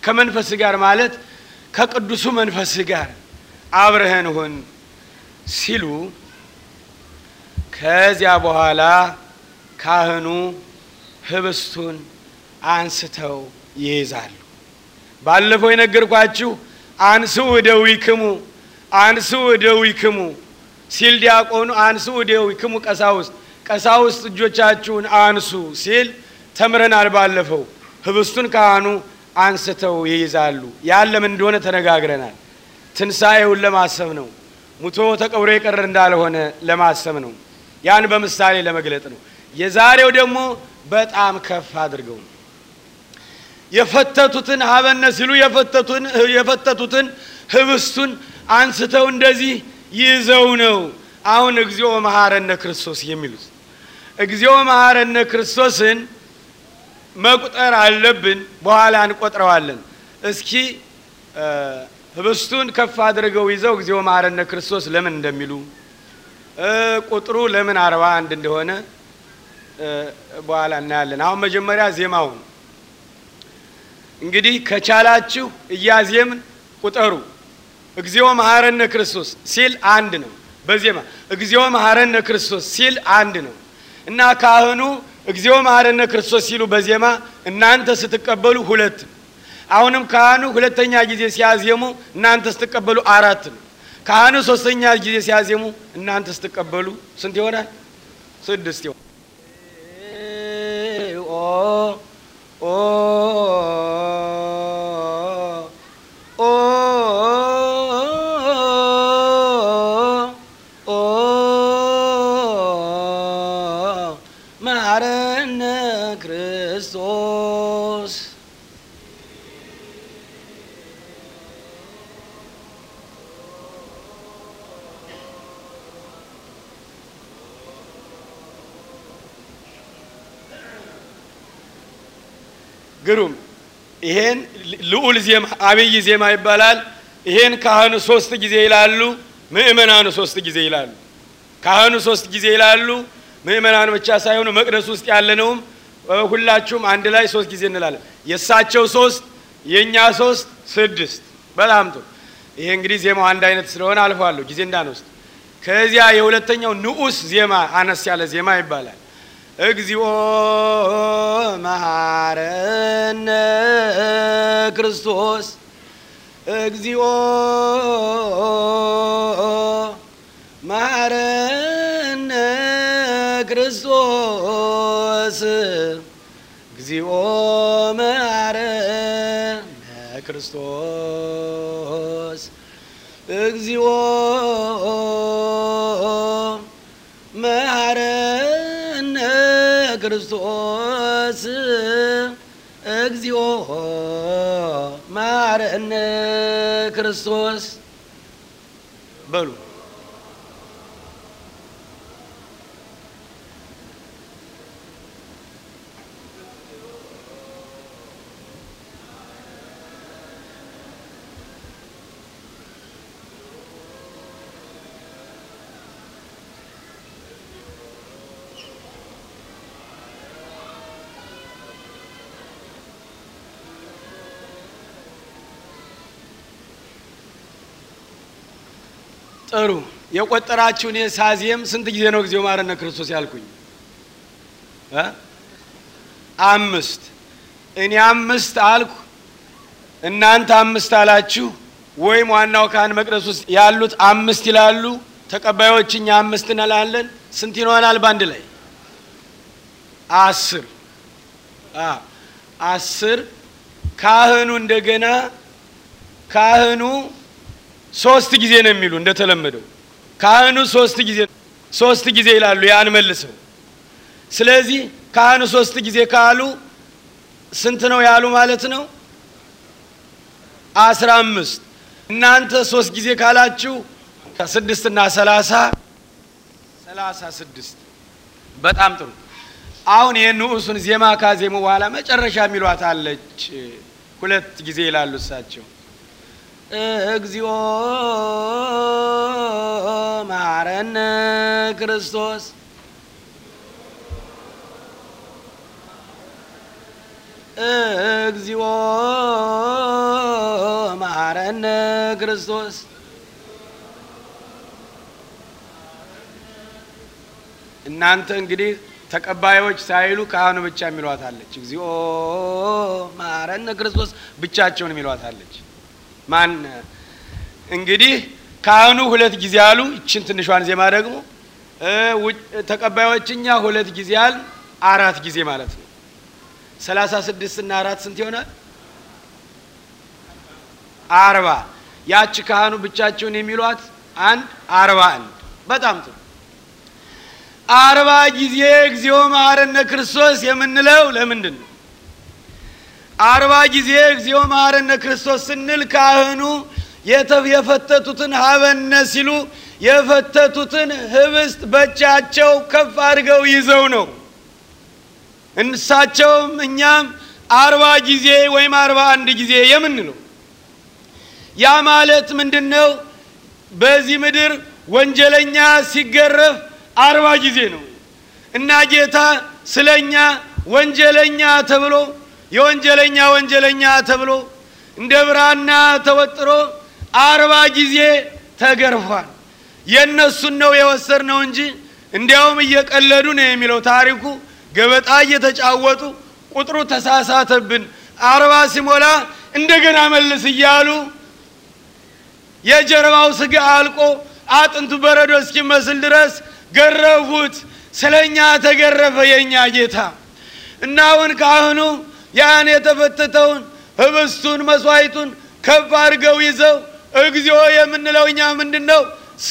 ከመንፈስ ጋር ማለት ከቅዱሱ መንፈስ ጋር አብረህን ሁን ሲሉ ከዚያ በኋላ ካህኑ ህብስቱን አንስተው ይይዛሉ። ባለፈው የነገርኳችሁ ክሙ እደዊክሙ አንስኡ ክሙ ሲል ዲያቆኑ አንስኡ እደዊክሙ ቀሳውስት ቀሳውስት እጆቻችሁን አንሱ ሲል ተምረናል። ባለፈው ህብስቱን ካህኑ አንስተው ይይዛሉ። ያለም እንደሆነ ተነጋግረናል። ትንሣኤውን ለማሰብ ነው። ሙቶ ተቀብሮ የቀረ እንዳልሆነ ለማሰብ ነው። ያን በምሳሌ ለመግለጥ ነው። የዛሬው ደግሞ በጣም ከፍ አድርገው የፈተቱትን ሀበነ ሲሉ የፈተቱትን ህብስቱን አንስተው እንደዚህ ይዘው ነው አሁን እግዚኦ መሐረነ ክርስቶስ የሚሉት። እግዚኦ መሐረነ ክርስቶስን መቁጠር አለብን። በኋላ እንቆጥረዋለን። እስኪ ህብስቱን ከፍ አድርገው ይዘው እግዚኦ መሐረነ ክርስቶስ ለምን እንደሚሉ ቁጥሩ ለምን አርባ አንድ እንደሆነ በኋላ እናያለን። አሁን መጀመሪያ ዜማውን እንግዲህ ከቻላችሁ እያዜምን ቁጠሩ። እግዚኦ መሐረነ ክርስቶስ ሲል አንድ ነው። በዜማ እግዚኦ መሐረነ ክርስቶስ ሲል አንድ ነው እና ካህኑ እግዚኦ መሐረነ ክርስቶስ ሲሉ በዜማ እናንተ ስትቀበሉ ሁለት ነው። አሁንም ካህኑ ሁለተኛ ጊዜ ሲያዜሙ እናንተ ስትቀበሉ አራት ነው። ካህኑ ሶስተኛ ጊዜ ሲያዜሙ እናንተ ስትቀበሉ ስንት ይሆናል? ስድስት ይሆናል። ግሩም። ይሄን ልዑል ዜማ አብይ ዜማ ይባላል። ይሄን ካህኑ ሶስት ጊዜ ይላሉ፣ ምእመናኑ ሶስት ጊዜ ይላሉ። ካህኑ ሶስት ጊዜ ይላሉ፣ ምእመናኑ ብቻ ሳይሆኑ መቅደስ ውስጥ ያለነውም ሁላችሁም አንድ ላይ ሶስት ጊዜ እንላለን። የእሳቸው ሶስት፣ የእኛ ሶስት፣ ስድስት። በጣም ጥሩ። ይሄ እንግዲህ ዜማው አንድ አይነት ስለሆነ አልፏለሁ ጊዜ እንዳንወስድ። ከዚያ የሁለተኛው ንዑስ ዜማ አነስ ያለ ዜማ ይባላል። እግዚኦ መሐረነ ክርስቶስ እግዚኦ መሐረነ ክርስቶስ እግዚኦ መሐረነ ክርስቶስ እግዚኦ ክርስቶስ እግዚኦ ማርነ ክርስቶስ በሉ ጥሩ የቆጠራችሁ እኔ ስንት ጊዜ ነው ጊዜው ማረነ ክርስቶስ ያልኩኝ? አምስት። እኔ አምስት አልኩ፣ እናንተ አምስት አላችሁ። ወይም ዋናው ካህን መቅደስ ውስጥ ያሉት አምስት ይላሉ፣ ተቀባዮች እኛ አምስት እንላለን። ስንት ይሆናል በአንድ ላይ? አስር አስር። ካህኑ እንደገና ካህኑ ሶስት ጊዜ ነው የሚሉ እንደተለመደው ካህኑ ሶስት ጊዜ ሶስት ጊዜ ይላሉ ያን መልሰው። ስለዚህ ካህኑ ሶስት ጊዜ ካሉ ስንት ነው ያሉ ማለት ነው? አስራ አምስት እናንተ ሶስት ጊዜ ካላችሁ ስድስት እና ሰላሳ ሰላሳ ስድስት በጣም ጥሩ። አሁን ንዑሱን ዜማ ካዜሙ በኋላ መጨረሻ የሚሏት አለች ሁለት ጊዜ ይላሉ እሳቸው እግዚኦ ማረነ ክርስቶስ እግዚኦ ማረነ ክርስቶስ እናንተ እንግዲህ ተቀባዮች ሳይሉ ካህኑ ብቻ የሚሏታለች። እግዚኦ ማረነ ክርስቶስ ብቻቸውን የሚሏታለች። ማን እንግዲህ ካህኑ ሁለት ጊዜ አሉ። ይችን ትንሿን ዜማ ደግሞ ተቀባዮችኛ ሁለት ጊዜ አል አራት ጊዜ ማለት ነው። ሰላሳ ስድስት እና አራት ስንት ይሆናል? አርባ ያች ካህኑ ብቻቸውን የሚሏት አንድ አርባ አንድ በጣም ጥሩ አርባ ጊዜ እግዚኦ መሐረነ ክርስቶስ የምንለው ለምንድን ነው? አርባ ጊዜ እግዚኦ መሐረነ ክርስቶስ ስንል ካህኑ የፈተቱትን ሀበነ ሲሉ የፈተቱትን ህብስት በእጃቸው ከፍ አድርገው ይዘው ነው። እንሳቸውም እኛም አርባ ጊዜ ወይም አርባ አንድ ጊዜ የምንለው ያ ማለት ምንድን ነው? በዚህ ምድር ወንጀለኛ ሲገረፍ አርባ ጊዜ ነው እና ጌታ ስለኛ ወንጀለኛ ተብሎ የወንጀለኛ ወንጀለኛ ተብሎ እንደ ብራና ተወጥሮ አርባ ጊዜ ተገርፏል። የእነሱን ነው ነው እንጂ እንዲያውም እየቀለዱ ነው የሚለው ታሪኩ። ገበጣ እየተጫወቱ ቁጥሩ ተሳሳተብን፣ አርባ ሲሞላ እንደገና መልስ እያሉ የጀርባው ስጋ አልቆ አጥንቱ በረዶ እስኪመስል ድረስ ገረፉት። ስለኛ ተገረፈ የእኛ ጌታ እና አሁን ካህኑ ያን የተፈተተውን ህብስቱን መስዋዕቱን ከፍ አድርገው ይዘው እግዚኦ የምንለው እኛ ምንድን ነው?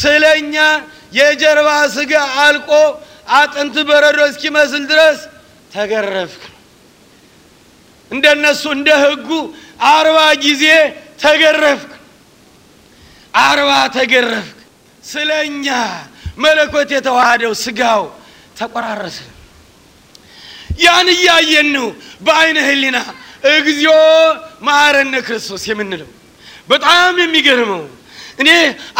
ስለ እኛ የጀርባ ስጋ አልቆ አጥንት በረዶ እስኪመስል ድረስ ተገረፍክ። እንደነሱ እንደ ህጉ አርባ ጊዜ ተገረፍክ፣ አርባ ተገረፍክ። ስለ እኛ መለኮት የተዋሃደው ስጋው ተቆራረሰ። ያን እያየን ነው በአይነ ህሊና። እግዚኦ ማረነ ክርስቶስ የምንለው በጣም የሚገርመው እኔ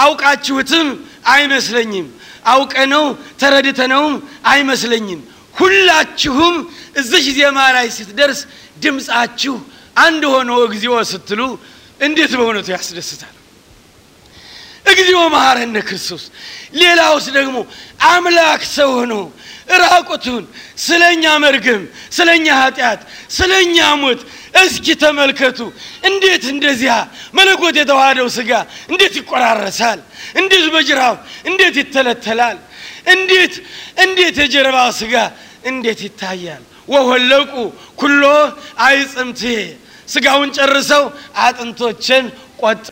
አውቃችሁትም አይመስለኝም፣ አውቀነው ተረድተነውም አይመስለኝም። ሁላችሁም እዚች ዜማ ላይ ስትደርስ ድምፃችሁ አንድ ሆኖ እግዚኦ ስትሉ እንዴት በእውነቱ ያስደስታል። እግዚኦ መሐረነ ክርስቶስ። ሌላውስ ደግሞ አምላክ ሰው ሆኖ ራቁቱን ስለ እኛ መርግም፣ ስለ እኛ ኃጢአት፣ ስለ እኛ ሞት። እስኪ ተመልከቱ እንዴት እንደዚያ መለኮት የተዋህደው ስጋ እንዴት ይቆራረሳል? እንዴት በጅራፍ እንዴት ይተለተላል? እንዴት እንዴት የጀርባ ስጋ እንዴት ይታያል? ወሆለቁ ኩሎ አይጽምት ስጋውን ጨርሰው አጥንቶችን ቆጥ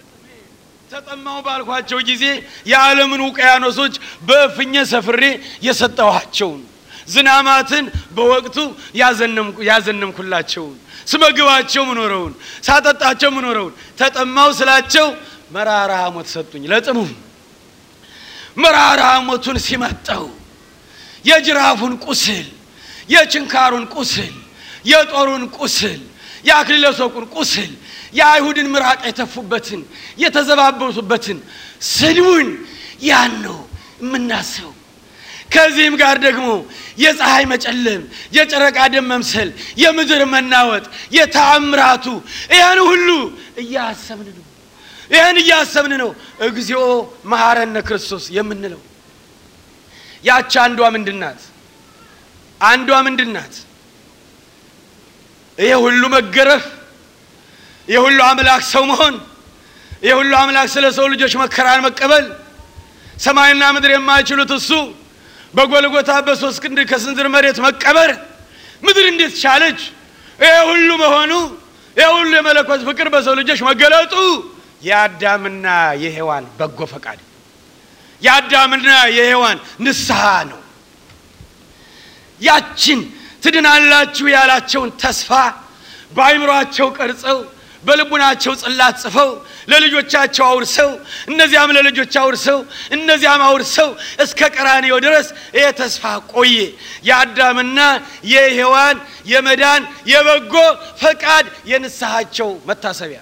ተጠማው ባልኳቸው ጊዜ የዓለምን ውቅያኖሶች በፍኘ ሰፍሬ የሰጠኋቸውን ዝናማትን በወቅቱ ያዘነምኩላቸውን ስመግባቸው ምኖረውን ሳጠጣቸው ምኖረውን ተጠማው ስላቸው መራራ ሐሞት ሰጡኝ። ለጥሙ መራራ ሐሞቱን ሲመጠው የጅራፉን ቁስል፣ የችንካሩን ቁስል፣ የጦሩን ቁስል፣ የአክሊለ ቁስል የአይሁድን ምራቅ የተፉበትን የተዘባበቱበትን ስድቡን ያን ነው የምናስበው። ከዚህም ጋር ደግሞ የፀሐይ መጨለም፣ የጨረቃ ደም መምሰል፣ የምድር መናወጥ፣ የተአምራቱ ያን ሁሉ እያሰብን ነው። ይህን እያሰብን ነው እግዚኦ መሐረነ ክርስቶስ የምንለው። ያቺ አንዷ ምንድናት? አንዷ ምንድናት? ይሄ ሁሉ መገረፍ የሁሉ አምላክ ሰው መሆን፣ የሁሉ አምላክ ስለ ሰው ልጆች መከራን መቀበል፣ ሰማይና ምድር የማይችሉት እሱ በጎልጎታ በሶስት ክንድ ከስንዝር መሬት መቀበር ምድር እንዴት ቻለች? ይህ ሁሉ መሆኑ፣ ይህ ሁሉ የመለኮት ፍቅር በሰው ልጆች መገለጡ የአዳምና የሔዋን በጎ ፈቃድ የአዳምና የሔዋን ንስሐ ነው። ያችን ትድናላችሁ ያላቸውን ተስፋ በአይምሯቸው ቀርጸው በልቡናቸው ጽላት ጽፈው ለልጆቻቸው አውርሰው እነዚያም ለልጆች አውርሰው እነዚያም አውርሰው እስከ ቀራኔው ድረስ ይህ ተስፋ ቆየ። የአዳምና የሔዋን የመዳን የበጎ ፈቃድ የንስሐቸው መታሰቢያ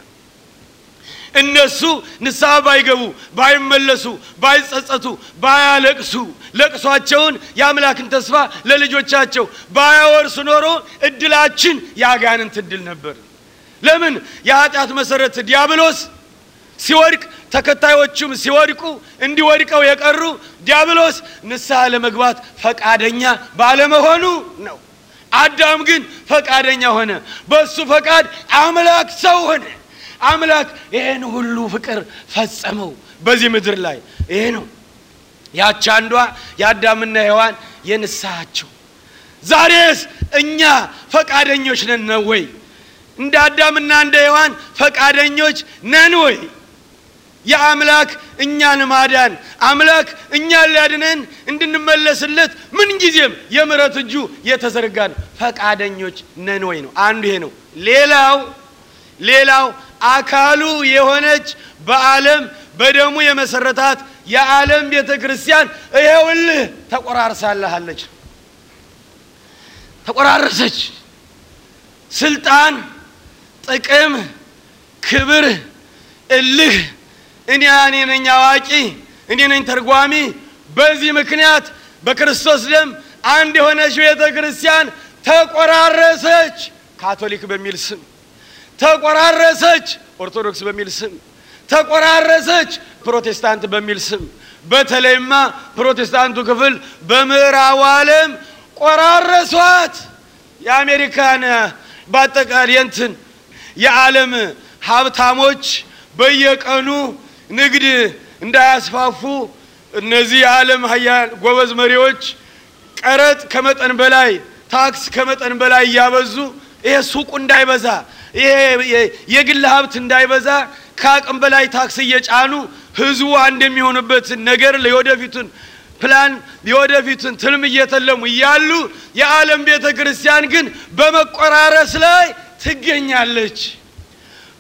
እነሱ ንስሐ ባይገቡ ባይመለሱ ባይጸጸቱ ባያለቅሱ ለቅሷቸውን የአምላክን ተስፋ ለልጆቻቸው ባያወርሱ ኖሮ እድላችን የአጋንንት እድል ነበር። ለምን የኃጢአት መሰረት ዲያብሎስ ሲወድቅ ተከታዮቹም ሲወድቁ እንዲወድቀው የቀሩ ዲያብሎስ ንስሐ ለመግባት ፈቃደኛ ባለመሆኑ ነው። አዳም ግን ፈቃደኛ ሆነ። በሱ ፈቃድ አምላክ ሰው ሆነ። አምላክ ይህን ሁሉ ፍቅር ፈጸመው በዚህ ምድር ላይ። ይሄ ነው ያች አንዷ የአዳምና ሔዋን የንስሐቸው። ዛሬስ እኛ ፈቃደኞች ነን ነው ወይ? እንደ አዳምና እንደ ሔዋን ፈቃደኞች ነን ወይ? የአምላክ እኛን ማዳን አምላክ እኛን ሊያድነን እንድንመለስለት ምንጊዜም የምሕረት እጁ የተዘረጋ ፈቃደኞች ነን ወይ ነው አንዱ። ይሄ ነው። ሌላው ሌላው አካሉ የሆነች በዓለም በደሙ የመሰረታት የዓለም ቤተ ክርስቲያን ይኸውልህ ተቆራርሳለሃለች፣ ተቆራረሰች ስልጣን ጥቅም፣ ክብር፣ እልህ እኔ እኔ ነኝ አዋቂ፣ እኔ ነኝ ተርጓሚ። በዚህ ምክንያት በክርስቶስ ደም አንድ የሆነች ቤተ ክርስቲያን ተቆራረሰች። ካቶሊክ በሚል ስም ተቆራረሰች፣ ኦርቶዶክስ በሚል ስም ተቆራረሰች፣ ፕሮቴስታንት በሚል ስም። በተለይማ ፕሮቴስታንቱ ክፍል በምዕራቡ ዓለም ቆራረሷት። የአሜሪካን በአጠቃላይ እንትን የዓለም ሀብታሞች በየቀኑ ንግድ እንዳያስፋፉ እነዚህ የዓለም ሀያል ጎበዝ መሪዎች ቀረጥ ከመጠን በላይ ታክስ ከመጠን በላይ እያበዙ ይሄ ሱቁ እንዳይበዛ ይሄ የግል ሀብት እንዳይበዛ ከአቅም በላይ ታክስ እየጫኑ ህዝቡ አንድ የሚሆንበትን ነገር የወደፊቱን ፕላን የወደፊቱን ትልም እየተለሙ እያሉ የዓለም ቤተ ክርስቲያን ግን በመቆራረስ ላይ ትገኛለች፣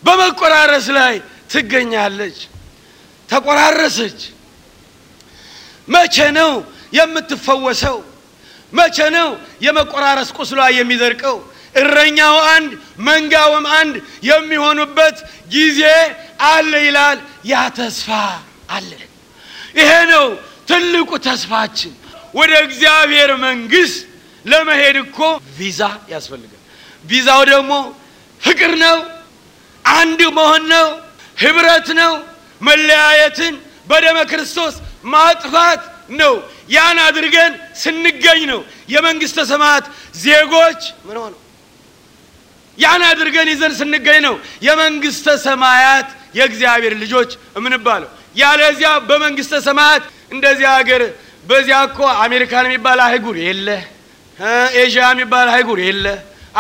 በመቆራረስ ላይ ትገኛለች። ተቆራረሰች። መቼ ነው የምትፈወሰው? መቼ ነው የመቆራረስ ቁስሏ የሚደርቀው? እረኛው አንድ መንጋውም አንድ የሚሆኑበት ጊዜ አለ ይላል። ያ ተስፋ አለ። ይሄ ነው ትልቁ ተስፋችን። ወደ እግዚአብሔር መንግሥት ለመሄድ እኮ ቪዛ ያስፈልጋል። ቪዛው ደግሞ ፍቅር ነው፣ አንድ መሆን ነው፣ ህብረት ነው፣ መለያየትን በደመ ክርስቶስ ማጥፋት ነው። ያን አድርገን ስንገኝ ነው የመንግስተ ሰማያት ዜጎች ምን ሆነ? ያን አድርገን ይዘን ስንገኝ ነው የመንግስተ ሰማያት የእግዚአብሔር ልጆች እምንባለው። ያለዚያ በመንግስተ ሰማያት እንደዚያ ሀገር በዚያ እኮ አሜሪካን የሚባል አህጉር የለ፣ ኤዥያ የሚባል አህጉር የለ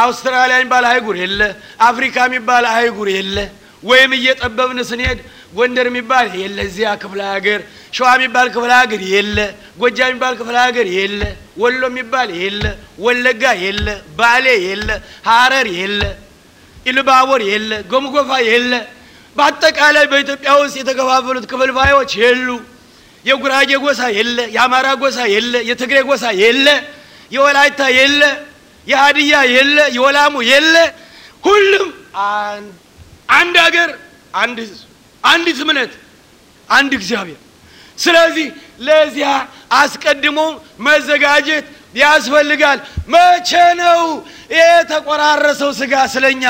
አውስትራሊያ የሚባል ሀይጉር የለ፣ አፍሪካ የሚባል ሀይጉር የለ። ወይም እየጠበብን ስንሄድ ጎንደር የሚባል የለ፣ እዚያ ክፍለ ሀገር ሸዋ የሚባል ክፍለ ሀገር የለ፣ ጎጃ የሚባል ክፍለ ሀገር የለ፣ ወሎ የሚባል የለ፣ ወለጋ የለ፣ ባሌ የለ፣ ሀረር የለ፣ ኢልባቦር የለ፣ ጎምጎፋ የለ። በአጠቃላይ በኢትዮጵያ ውስጥ የተከፋፈሉት ክፍልፋዮች የሉ። የጉራጌ ጎሳ የለ፣ የአማራ ጎሳ የለ፣ የትግሬ ጎሳ የለ፣ የወላይታ የለ። የሀዲያ የለ የወላሙ የለ ሁሉም አንድ ሀገር፣ አንድ ህዝብ፣ አንዲት እምነት፣ አንድ እግዚአብሔር። ስለዚህ ለዚያ አስቀድሞ መዘጋጀት ያስፈልጋል። መቼ ነው ይሄ የተቆራረሰው ስጋ ስለኛ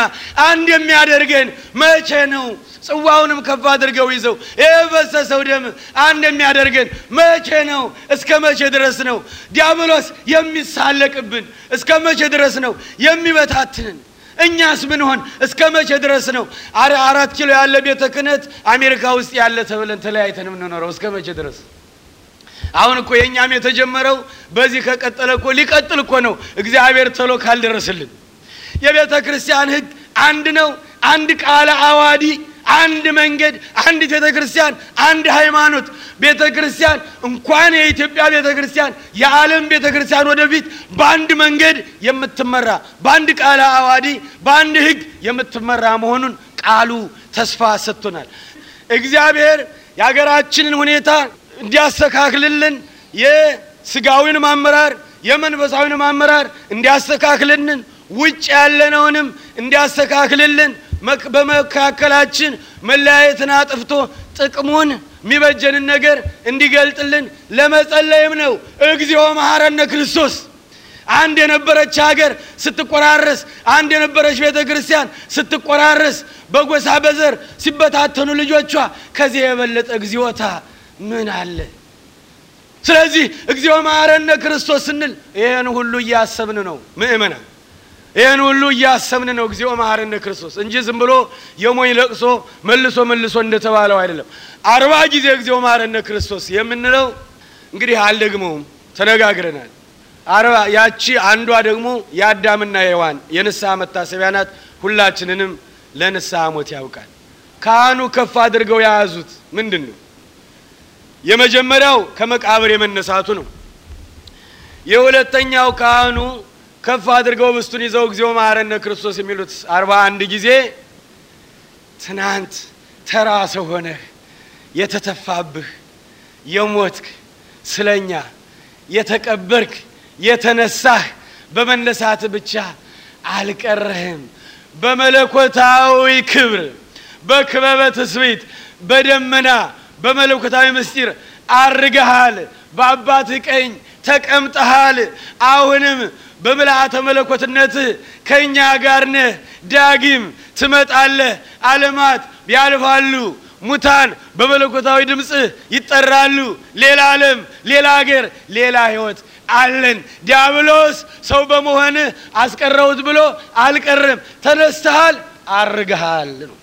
አንድ የሚያደርገን መቼ ነው? ጽዋውንም ከፍ አድርገው ይዘው የበሰሰው የፈሰሰው ደም አንድ የሚያደርገን መቼ ነው? እስከ መቼ ድረስ ነው ዲያብሎስ የሚሳለቅብን? እስከ መቼ ድረስ ነው የሚበታትንን? እኛስ ሆን? እስከ መቼ ድረስ ነው? አራት ኪሎ ያለ ቤተ ክህነት አሜሪካ ውስጥ ያለ ተብለን ተለያይተን የምንኖረው እስከ መቼ ድረስ አሁን እኮ የእኛም የተጀመረው በዚህ ከቀጠለ እኮ ሊቀጥል እኮ ነው። እግዚአብሔር ተሎ ካልደረስልን የቤተ ክርስቲያን ሕግ አንድ ነው። አንድ ቃለ አዋዲ፣ አንድ መንገድ፣ አንድ ቤተ ክርስቲያን፣ አንድ ሃይማኖት። ቤተ ክርስቲያን እንኳን የኢትዮጵያ ቤተ ክርስቲያን የዓለም ቤተ ክርስቲያን ወደፊት በአንድ መንገድ የምትመራ በአንድ ቃለ አዋዲ፣ በአንድ ሕግ የምትመራ መሆኑን ቃሉ ተስፋ ሰጥቶናል። እግዚአብሔር የሀገራችንን ሁኔታ እንዲያስተካክልልን የስጋዊን ማመራር የመንፈሳዊን ማመራር እንዲያስተካክልልን ውጭ ያለነውንም እንዲያስተካክልልን በመካከላችን መለያየትን አጥፍቶ ጥቅሙን የሚበጀንን ነገር እንዲገልጥልን ለመጸለይም ነው። እግዚኦ መሐረነ ክርስቶስ። አንድ የነበረች ሀገር ስትቆራረስ፣ አንድ የነበረች ቤተ ክርስቲያን ስትቆራረስ፣ በጎሳ በዘር ሲበታተኑ ልጆቿ ከዚህ የበለጠ እግዚኦታ ምን አለ? ስለዚህ እግዚኦ ማረነ ክርስቶስ ስንል ይህን ሁሉ እያሰብን ነው ምእመና፣ ይህን ሁሉ እያሰብን ነው እግዚኦ መሐረነ ክርስቶስ እንጂ ዝም ብሎ የሞኝ ለቅሶ መልሶ መልሶ እንደተባለው አይደለም። አርባ ጊዜ እግዚኦ መሐረነ ክርስቶስ የምንለው እንግዲህ አልደግመውም፣ ተነጋግረናል። አርባ ያቺ አንዷ ደግሞ የአዳምና የሔዋን የንስሐ መታሰቢያ ናት። ሁላችንንም ለንስሐ ሞት ያውቃል። ካህኑ ከፍ አድርገው የያዙት ምንድን ነው? የመጀመሪያው ከመቃብር የመነሳቱ ነው። የሁለተኛው ካህኑ ከፍ አድርገው ብስቱን ይዘው እግዚኦ መሐረነ ክርስቶስ የሚሉት አርባ አንድ ጊዜ ትናንት ተራ ሰው ሆነህ የተተፋብህ የሞትክ ስለኛ የተቀበርክ የተነሳህ በመነሳት ብቻ አልቀረህም። በመለኮታዊ ክብር በክበበ ትስብእት በደመና በመለኮታዊ ምስጢር አርገሃል፣ በአባት ቀኝ ተቀምጠሃል። አሁንም በምልአተ መለኮትነትህ ከእኛ ጋር ነህ። ዳግም ትመጣለህ። ዓለማት ያልፋሉ። ሙታን በመለኮታዊ ድምፅህ ይጠራሉ። ሌላ ዓለም፣ ሌላ አገር፣ ሌላ ህይወት አለን። ዲያብሎስ ሰው በመሆንህ አስቀረውት ብሎ አልቀርም። ተነስተሃል፣ አርገሃል ነው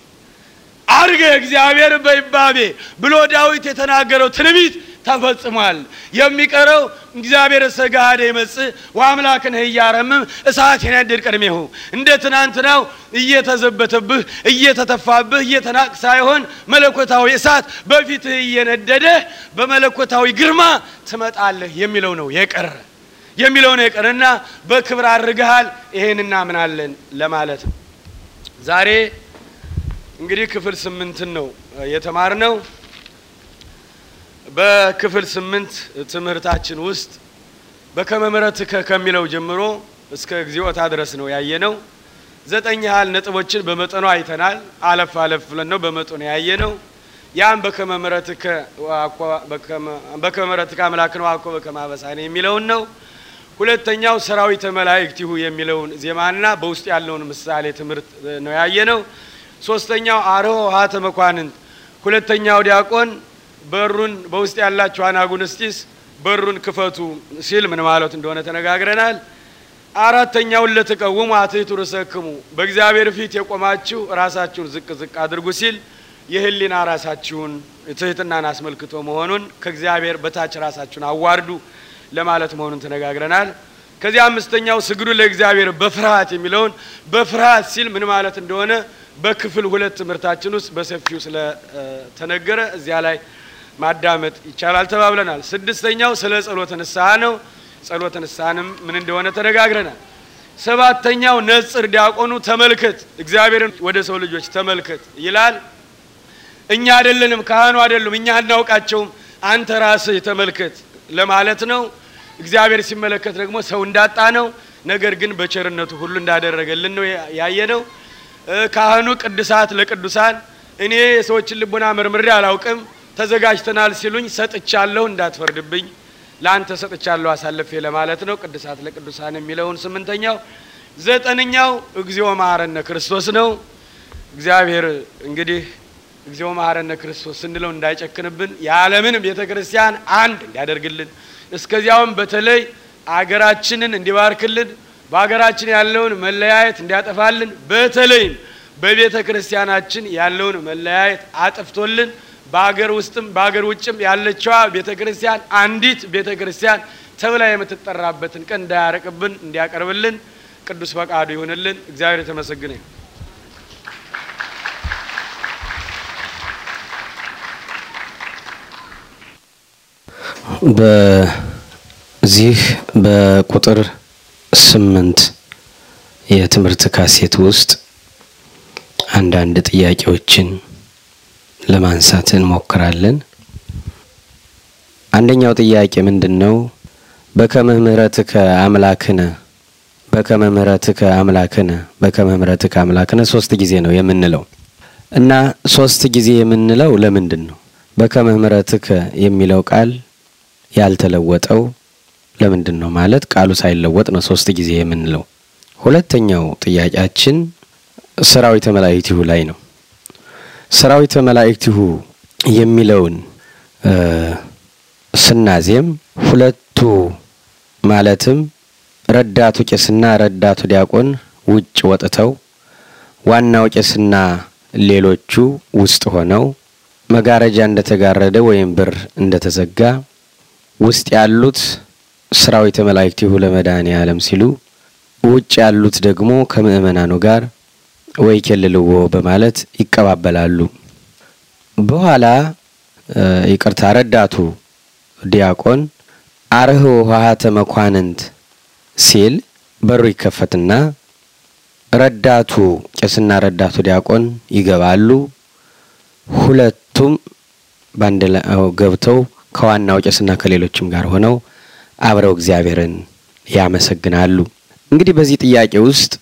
አርገ እግዚአብሔር በይባቤ ብሎ ዳዊት የተናገረው ትንቢት ተፈጽሟል። የሚቀረው እግዚአብሔር ሰጋደ ይመጽ ወአምላክን እያረምም እሳት ይነድድ ቅድሜሁ። እንደ ትናንትናው እየተዘበተብህ እየተተፋብህ እየተናቅ ሳይሆን መለኮታዊ እሳት በፊትህ እየነደደ በመለኮታዊ ግርማ ትመጣለህ የሚለው ነው የቀረ የሚለው ነው የቀረ በክብር አድርገሃል። ይሄን እናምናለን ለማለት ዛሬ እንግዲህ ክፍል ስምንትን ነው የተማር ነው። በክፍል ስምንት ትምህርታችን ውስጥ በከመምረት ከሚለው ጀምሮ እስከ እግዚኦታ ድረስ ነው ነው ዘጠኝ ያህል ነጥቦችን በመጠኑ አይተናል። አለፍ አለፍ ብለን ነው በመጠኑ ነው ያም በከመምረት ከአምላክ ነው አኮ በከማበሳ ነው የሚለውን ነው። ሁለተኛው ሰራዊተ መላእክቲሁ የሚለውን ዜማና በውስጡ ያለውን ምሳሌ ትምህርት ነው ነው ሶስተኛው አርሆሃተ መኳንንት፣ ሁለተኛው ዲያቆን በሩን በውስጥ ያላችሁ አናጉንስጢስ በሩን ክፈቱ ሲል ምን ማለት እንደሆነ ተነጋግረናል። አራተኛውን ለተቀውሙ አትሕቱ ርእሰክሙ፣ በእግዚአብሔር ፊት የቆማችሁ ራሳችሁን ዝቅ ዝቅ አድርጉ ሲል የህሊና ራሳችሁን ትህትናን አስመልክቶ መሆኑን ከእግዚአብሔር በታች ራሳችሁን አዋርዱ ለማለት መሆኑን ተነጋግረናል። ከዚህ አምስተኛው ስግዱ ለእግዚአብሔር በፍርሃት የሚለውን በፍርሃት ሲል ምን ማለት እንደሆነ በክፍል ሁለት ትምህርታችን ውስጥ በሰፊው ስለተነገረ እዚያ ላይ ማዳመጥ ይቻላል ተባብለናል። ስድስተኛው ስለ ጸሎት ንስሐ ነው። ጸሎት ንስሐንም ምን እንደሆነ ተነጋግረናል። ሰባተኛው ነጽር ዲያቆኑ ተመልከት፣ እግዚአብሔርን ወደ ሰው ልጆች ተመልከት ይላል። እኛ አይደለንም፣ ካህኑ አይደሉም፣ እኛ አናውቃቸውም፣ አንተ ራስህ ተመልከት ለማለት ነው። እግዚአብሔር ሲመለከት ደግሞ ሰው እንዳጣ ነው። ነገር ግን በቸርነቱ ሁሉ እንዳደረገልን ነው ያየነው። ካህኑ ቅዱሳት ለቅዱሳን እኔ የሰዎችን ልቦና መርምሬ አላውቅም፣ ተዘጋጅተናል ሲሉኝ ሰጥቻለሁ፣ እንዳትፈርድብኝ ለአንተ ሰጥቻለሁ አሳልፌ ለማለት ነው። ቅዱሳት ለቅዱሳን የሚለውን ስምንተኛው። ዘጠነኛው እግዚኦ መሐረነ ክርስቶስ ነው። እግዚአብሔር እንግዲህ እግዚኦ መሐረነ ክርስቶስ ስንለው እንዳይጨክንብን፣ የዓለምን ቤተ ክርስቲያን አንድ እንዲያደርግልን እስከዚያውም በተለይ አገራችንን እንዲባርክልን በሀገራችን ያለውን መለያየት እንዲያጠፋልን በተለይም በቤተ ክርስቲያናችን ያለውን መለያየት አጥፍቶልን በሀገር ውስጥም በሀገር ውጭም ያለችዋ ቤተ ክርስቲያን አንዲት ቤተ ክርስቲያን ተብላ የምትጠራበትን ቀን እንዳያረቅብን እንዲያቀርብልን ቅዱስ ፈቃዱ ይሆንልን። እግዚአብሔር የተመሰገነ በዚህ በቁጥር ስምንት የትምህርት ካሴት ውስጥ አንዳንድ ጥያቄዎችን ለማንሳት እንሞክራለን። አንደኛው ጥያቄ ምንድን ነው? በከመ አምላክነ በከመምህረትከ አምላክነ በከመ አምላክነ ሶስት ጊዜ ነው የምንለው እና ሶስት ጊዜ የምንለው ለምንድን ነው? በከመ የሚለው ቃል ያልተለወጠው ለምንድን ነው ማለት ቃሉ ሳይለወጥ ነው ሶስት ጊዜ የምንለው። ሁለተኛው ጥያቄያችን ሰራዊተ መላእክቲሁ ላይ ነው። ሰራዊተ መላእክቲሁ የሚለውን ስናዜም ሁለቱ ማለትም ረዳቱ ቄስና ረዳቱ ዲያቆን ውጭ ወጥተው ዋናው ቄስና ሌሎቹ ውስጥ ሆነው መጋረጃ እንደተጋረደ ወይም በር እንደተዘጋ ውስጥ ያሉት ሠራዊተ መላእክት ይሁ ለመድኃኔ ዓለም ሲሉ ውጭ ያሉት ደግሞ ከምእመናኑ ጋር ወይ ኬልልዎ በማለት ይቀባበላሉ። በኋላ ይቅርታ ረዳቱ ዲያቆን አርህ ኆኃተ መኳንንት ሲል በሩ ይከፈትና ረዳቱ ቄስና ረዳቱ ዲያቆን ይገባሉ። ሁለቱም ባንድ ገብተው ከዋናው ጭስና ከሌሎችም ጋር ሆነው አብረው እግዚአብሔርን ያመሰግናሉ። እንግዲህ በዚህ ጥያቄ ውስጥ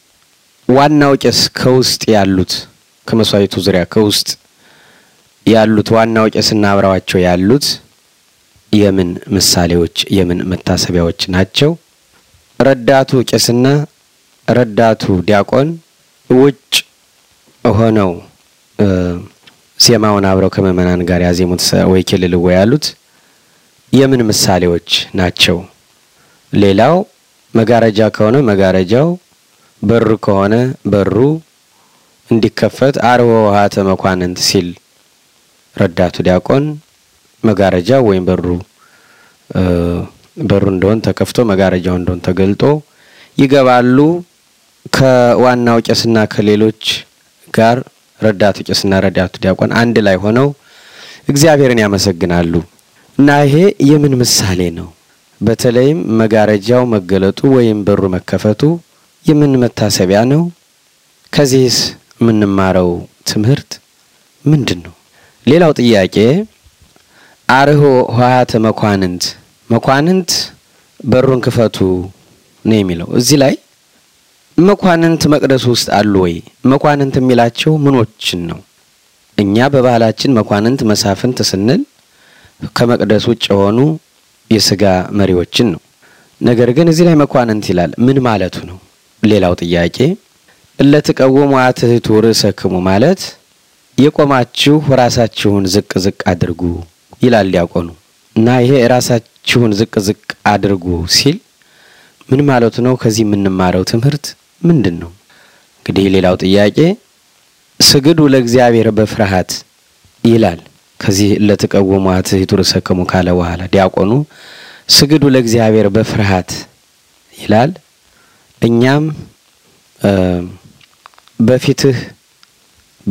ዋናው ጭስ ከውስጥ ያሉት ከመስዋዕቱ ዙሪያ ከውስጥ ያሉት ዋናው ጭስና አብረዋቸው ያሉት የምን ምሳሌዎች የምን መታሰቢያዎች ናቸው? ረዳቱ ጭስና ረዳቱ ዲያቆን ውጭ ሆነው ዜማውን አብረው ከምእመናን ጋር ያዜሙት ወይ ክልልዎ ያሉት የምን ምሳሌዎች ናቸው? ሌላው መጋረጃ ከሆነ መጋረጃው፣ በር ከሆነ በሩ እንዲከፈት አርወ ውሃተ መኳንንት ሲል ረዳቱ ዲያቆን መጋረጃ ወይም በሩ በሩ እንደሆን ተከፍቶ መጋረጃው እንደሆን ተገልጦ ይገባሉ። ከዋናው ቄስና ከሌሎች ጋር ረዳቱ ቄስና ረዳቱ ዲያቆን አንድ ላይ ሆነው እግዚአብሔርን ያመሰግናሉ። እና ይሄ የምን ምሳሌ ነው? በተለይም መጋረጃው መገለጡ ወይም በሩ መከፈቱ የምን መታሰቢያ ነው? ከዚህስ የምንማረው ትምህርት ምንድን ነው? ሌላው ጥያቄ አርሆ ኆኃተ መኳንንት መኳንንት በሩን ክፈቱ ነው የሚለው። እዚህ ላይ መኳንንት መቅደሱ ውስጥ አሉ ወይ? መኳንንት የሚላቸው ምኖችን ነው? እኛ በባህላችን መኳንንት መሳፍንት ስንል ከመቅደስ ውጭ የሆኑ የስጋ መሪዎችን ነው። ነገር ግን እዚህ ላይ መኳንንት ይላል። ምን ማለቱ ነው? ሌላው ጥያቄ እለትቀወሙ አትሕቱ ርእሰክሙ ማለት የቆማችሁ ራሳችሁን ዝቅ ዝቅ አድርጉ ይላል ዲያቆኑ። እና ይሄ ራሳችሁን ዝቅ ዝቅ አድርጉ ሲል ምን ማለቱ ነው? ከዚህ የምንማረው ትምህርት ምንድን ነው? እንግዲህ ሌላው ጥያቄ ስግዱ ለእግዚአብሔር በፍርሃት ይላል ከዚህ ለትቀውሙ አትሕቱ ርእሰክሙ ካለ በኋላ ዲያቆኑ ስግዱ ለእግዚአብሔር በፍርሃት ይላል። እኛም በፊትህ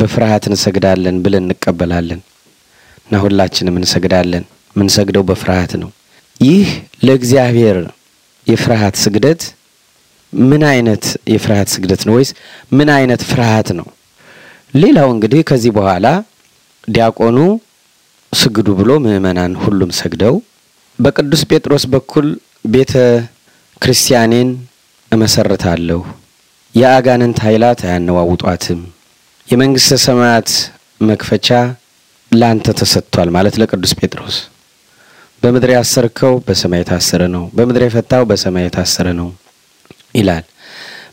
በፍርሃት እንሰግዳለን ብለን እንቀበላለን እና ሁላችንም እንሰግዳለን። ምንሰግደው በፍርሃት ነው። ይህ ለእግዚአብሔር የፍርሃት ስግደት ምን አይነት የፍርሃት ስግደት ነው? ወይስ ምን አይነት ፍርሃት ነው? ሌላው እንግዲህ ከዚህ በኋላ ዲያቆኑ ስግዱ ብሎ ምእመናን ሁሉም ሰግደው በቅዱስ ጴጥሮስ በኩል ቤተ ክርስቲያኔን እመሰርታለሁ፣ የአጋንንት ኃይላት አያነዋውጧትም፣ የመንግሥተ ሰማያት መክፈቻ ለአንተ ተሰጥቷል ማለት ለቅዱስ ጴጥሮስ በምድር ያሰርከው በሰማይ የታሰረ ነው፣ በምድር የፈታው በሰማይ የታሰረ ነው ይላል።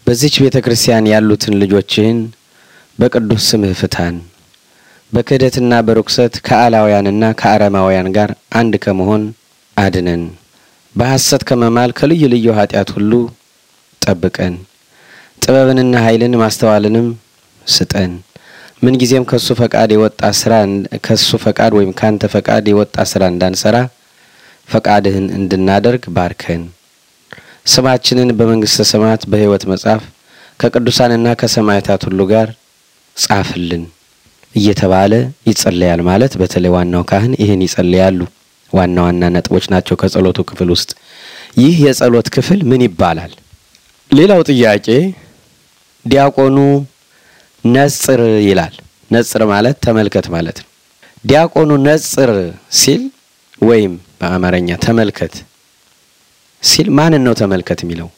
በዚች ቤተ ክርስቲያን ያሉትን ልጆችህን በቅዱስ ስምህ ፍታን በክህደትና በርኩሰት ከአላውያንና ከአረማውያን ጋር አንድ ከመሆን አድነን። በሐሰት ከመማል ከልዩ ልዩ ኃጢአት ሁሉ ጠብቀን። ጥበብንና ኃይልን ማስተዋልንም ስጠን። ምንጊዜም ከሱ ፈቃድ የወጣ ስራ ከሱ ፈቃድ ወይም ካንተ ፈቃድ የወጣ ስራ እንዳንሰራ ፈቃድህን እንድናደርግ ባርከን። ስማችንን በመንግሥተ ሰማያት በሕይወት መጽሐፍ ከቅዱሳንና ከሰማዕታት ሁሉ ጋር ጻፍልን። እየተባለ ይጸለያል ማለት በተለይ ዋናው ካህን ይህን ይጸለያሉ። ዋና ዋና ነጥቦች ናቸው ከጸሎቱ ክፍል ውስጥ። ይህ የጸሎት ክፍል ምን ይባላል? ሌላው ጥያቄ ዲያቆኑ ነጽር ይላል። ነጽር ማለት ተመልከት ማለት ነው። ዲያቆኑ ነጽር ሲል ወይም በአማርኛ ተመልከት ሲል ማንን ነው ተመልከት የሚለው?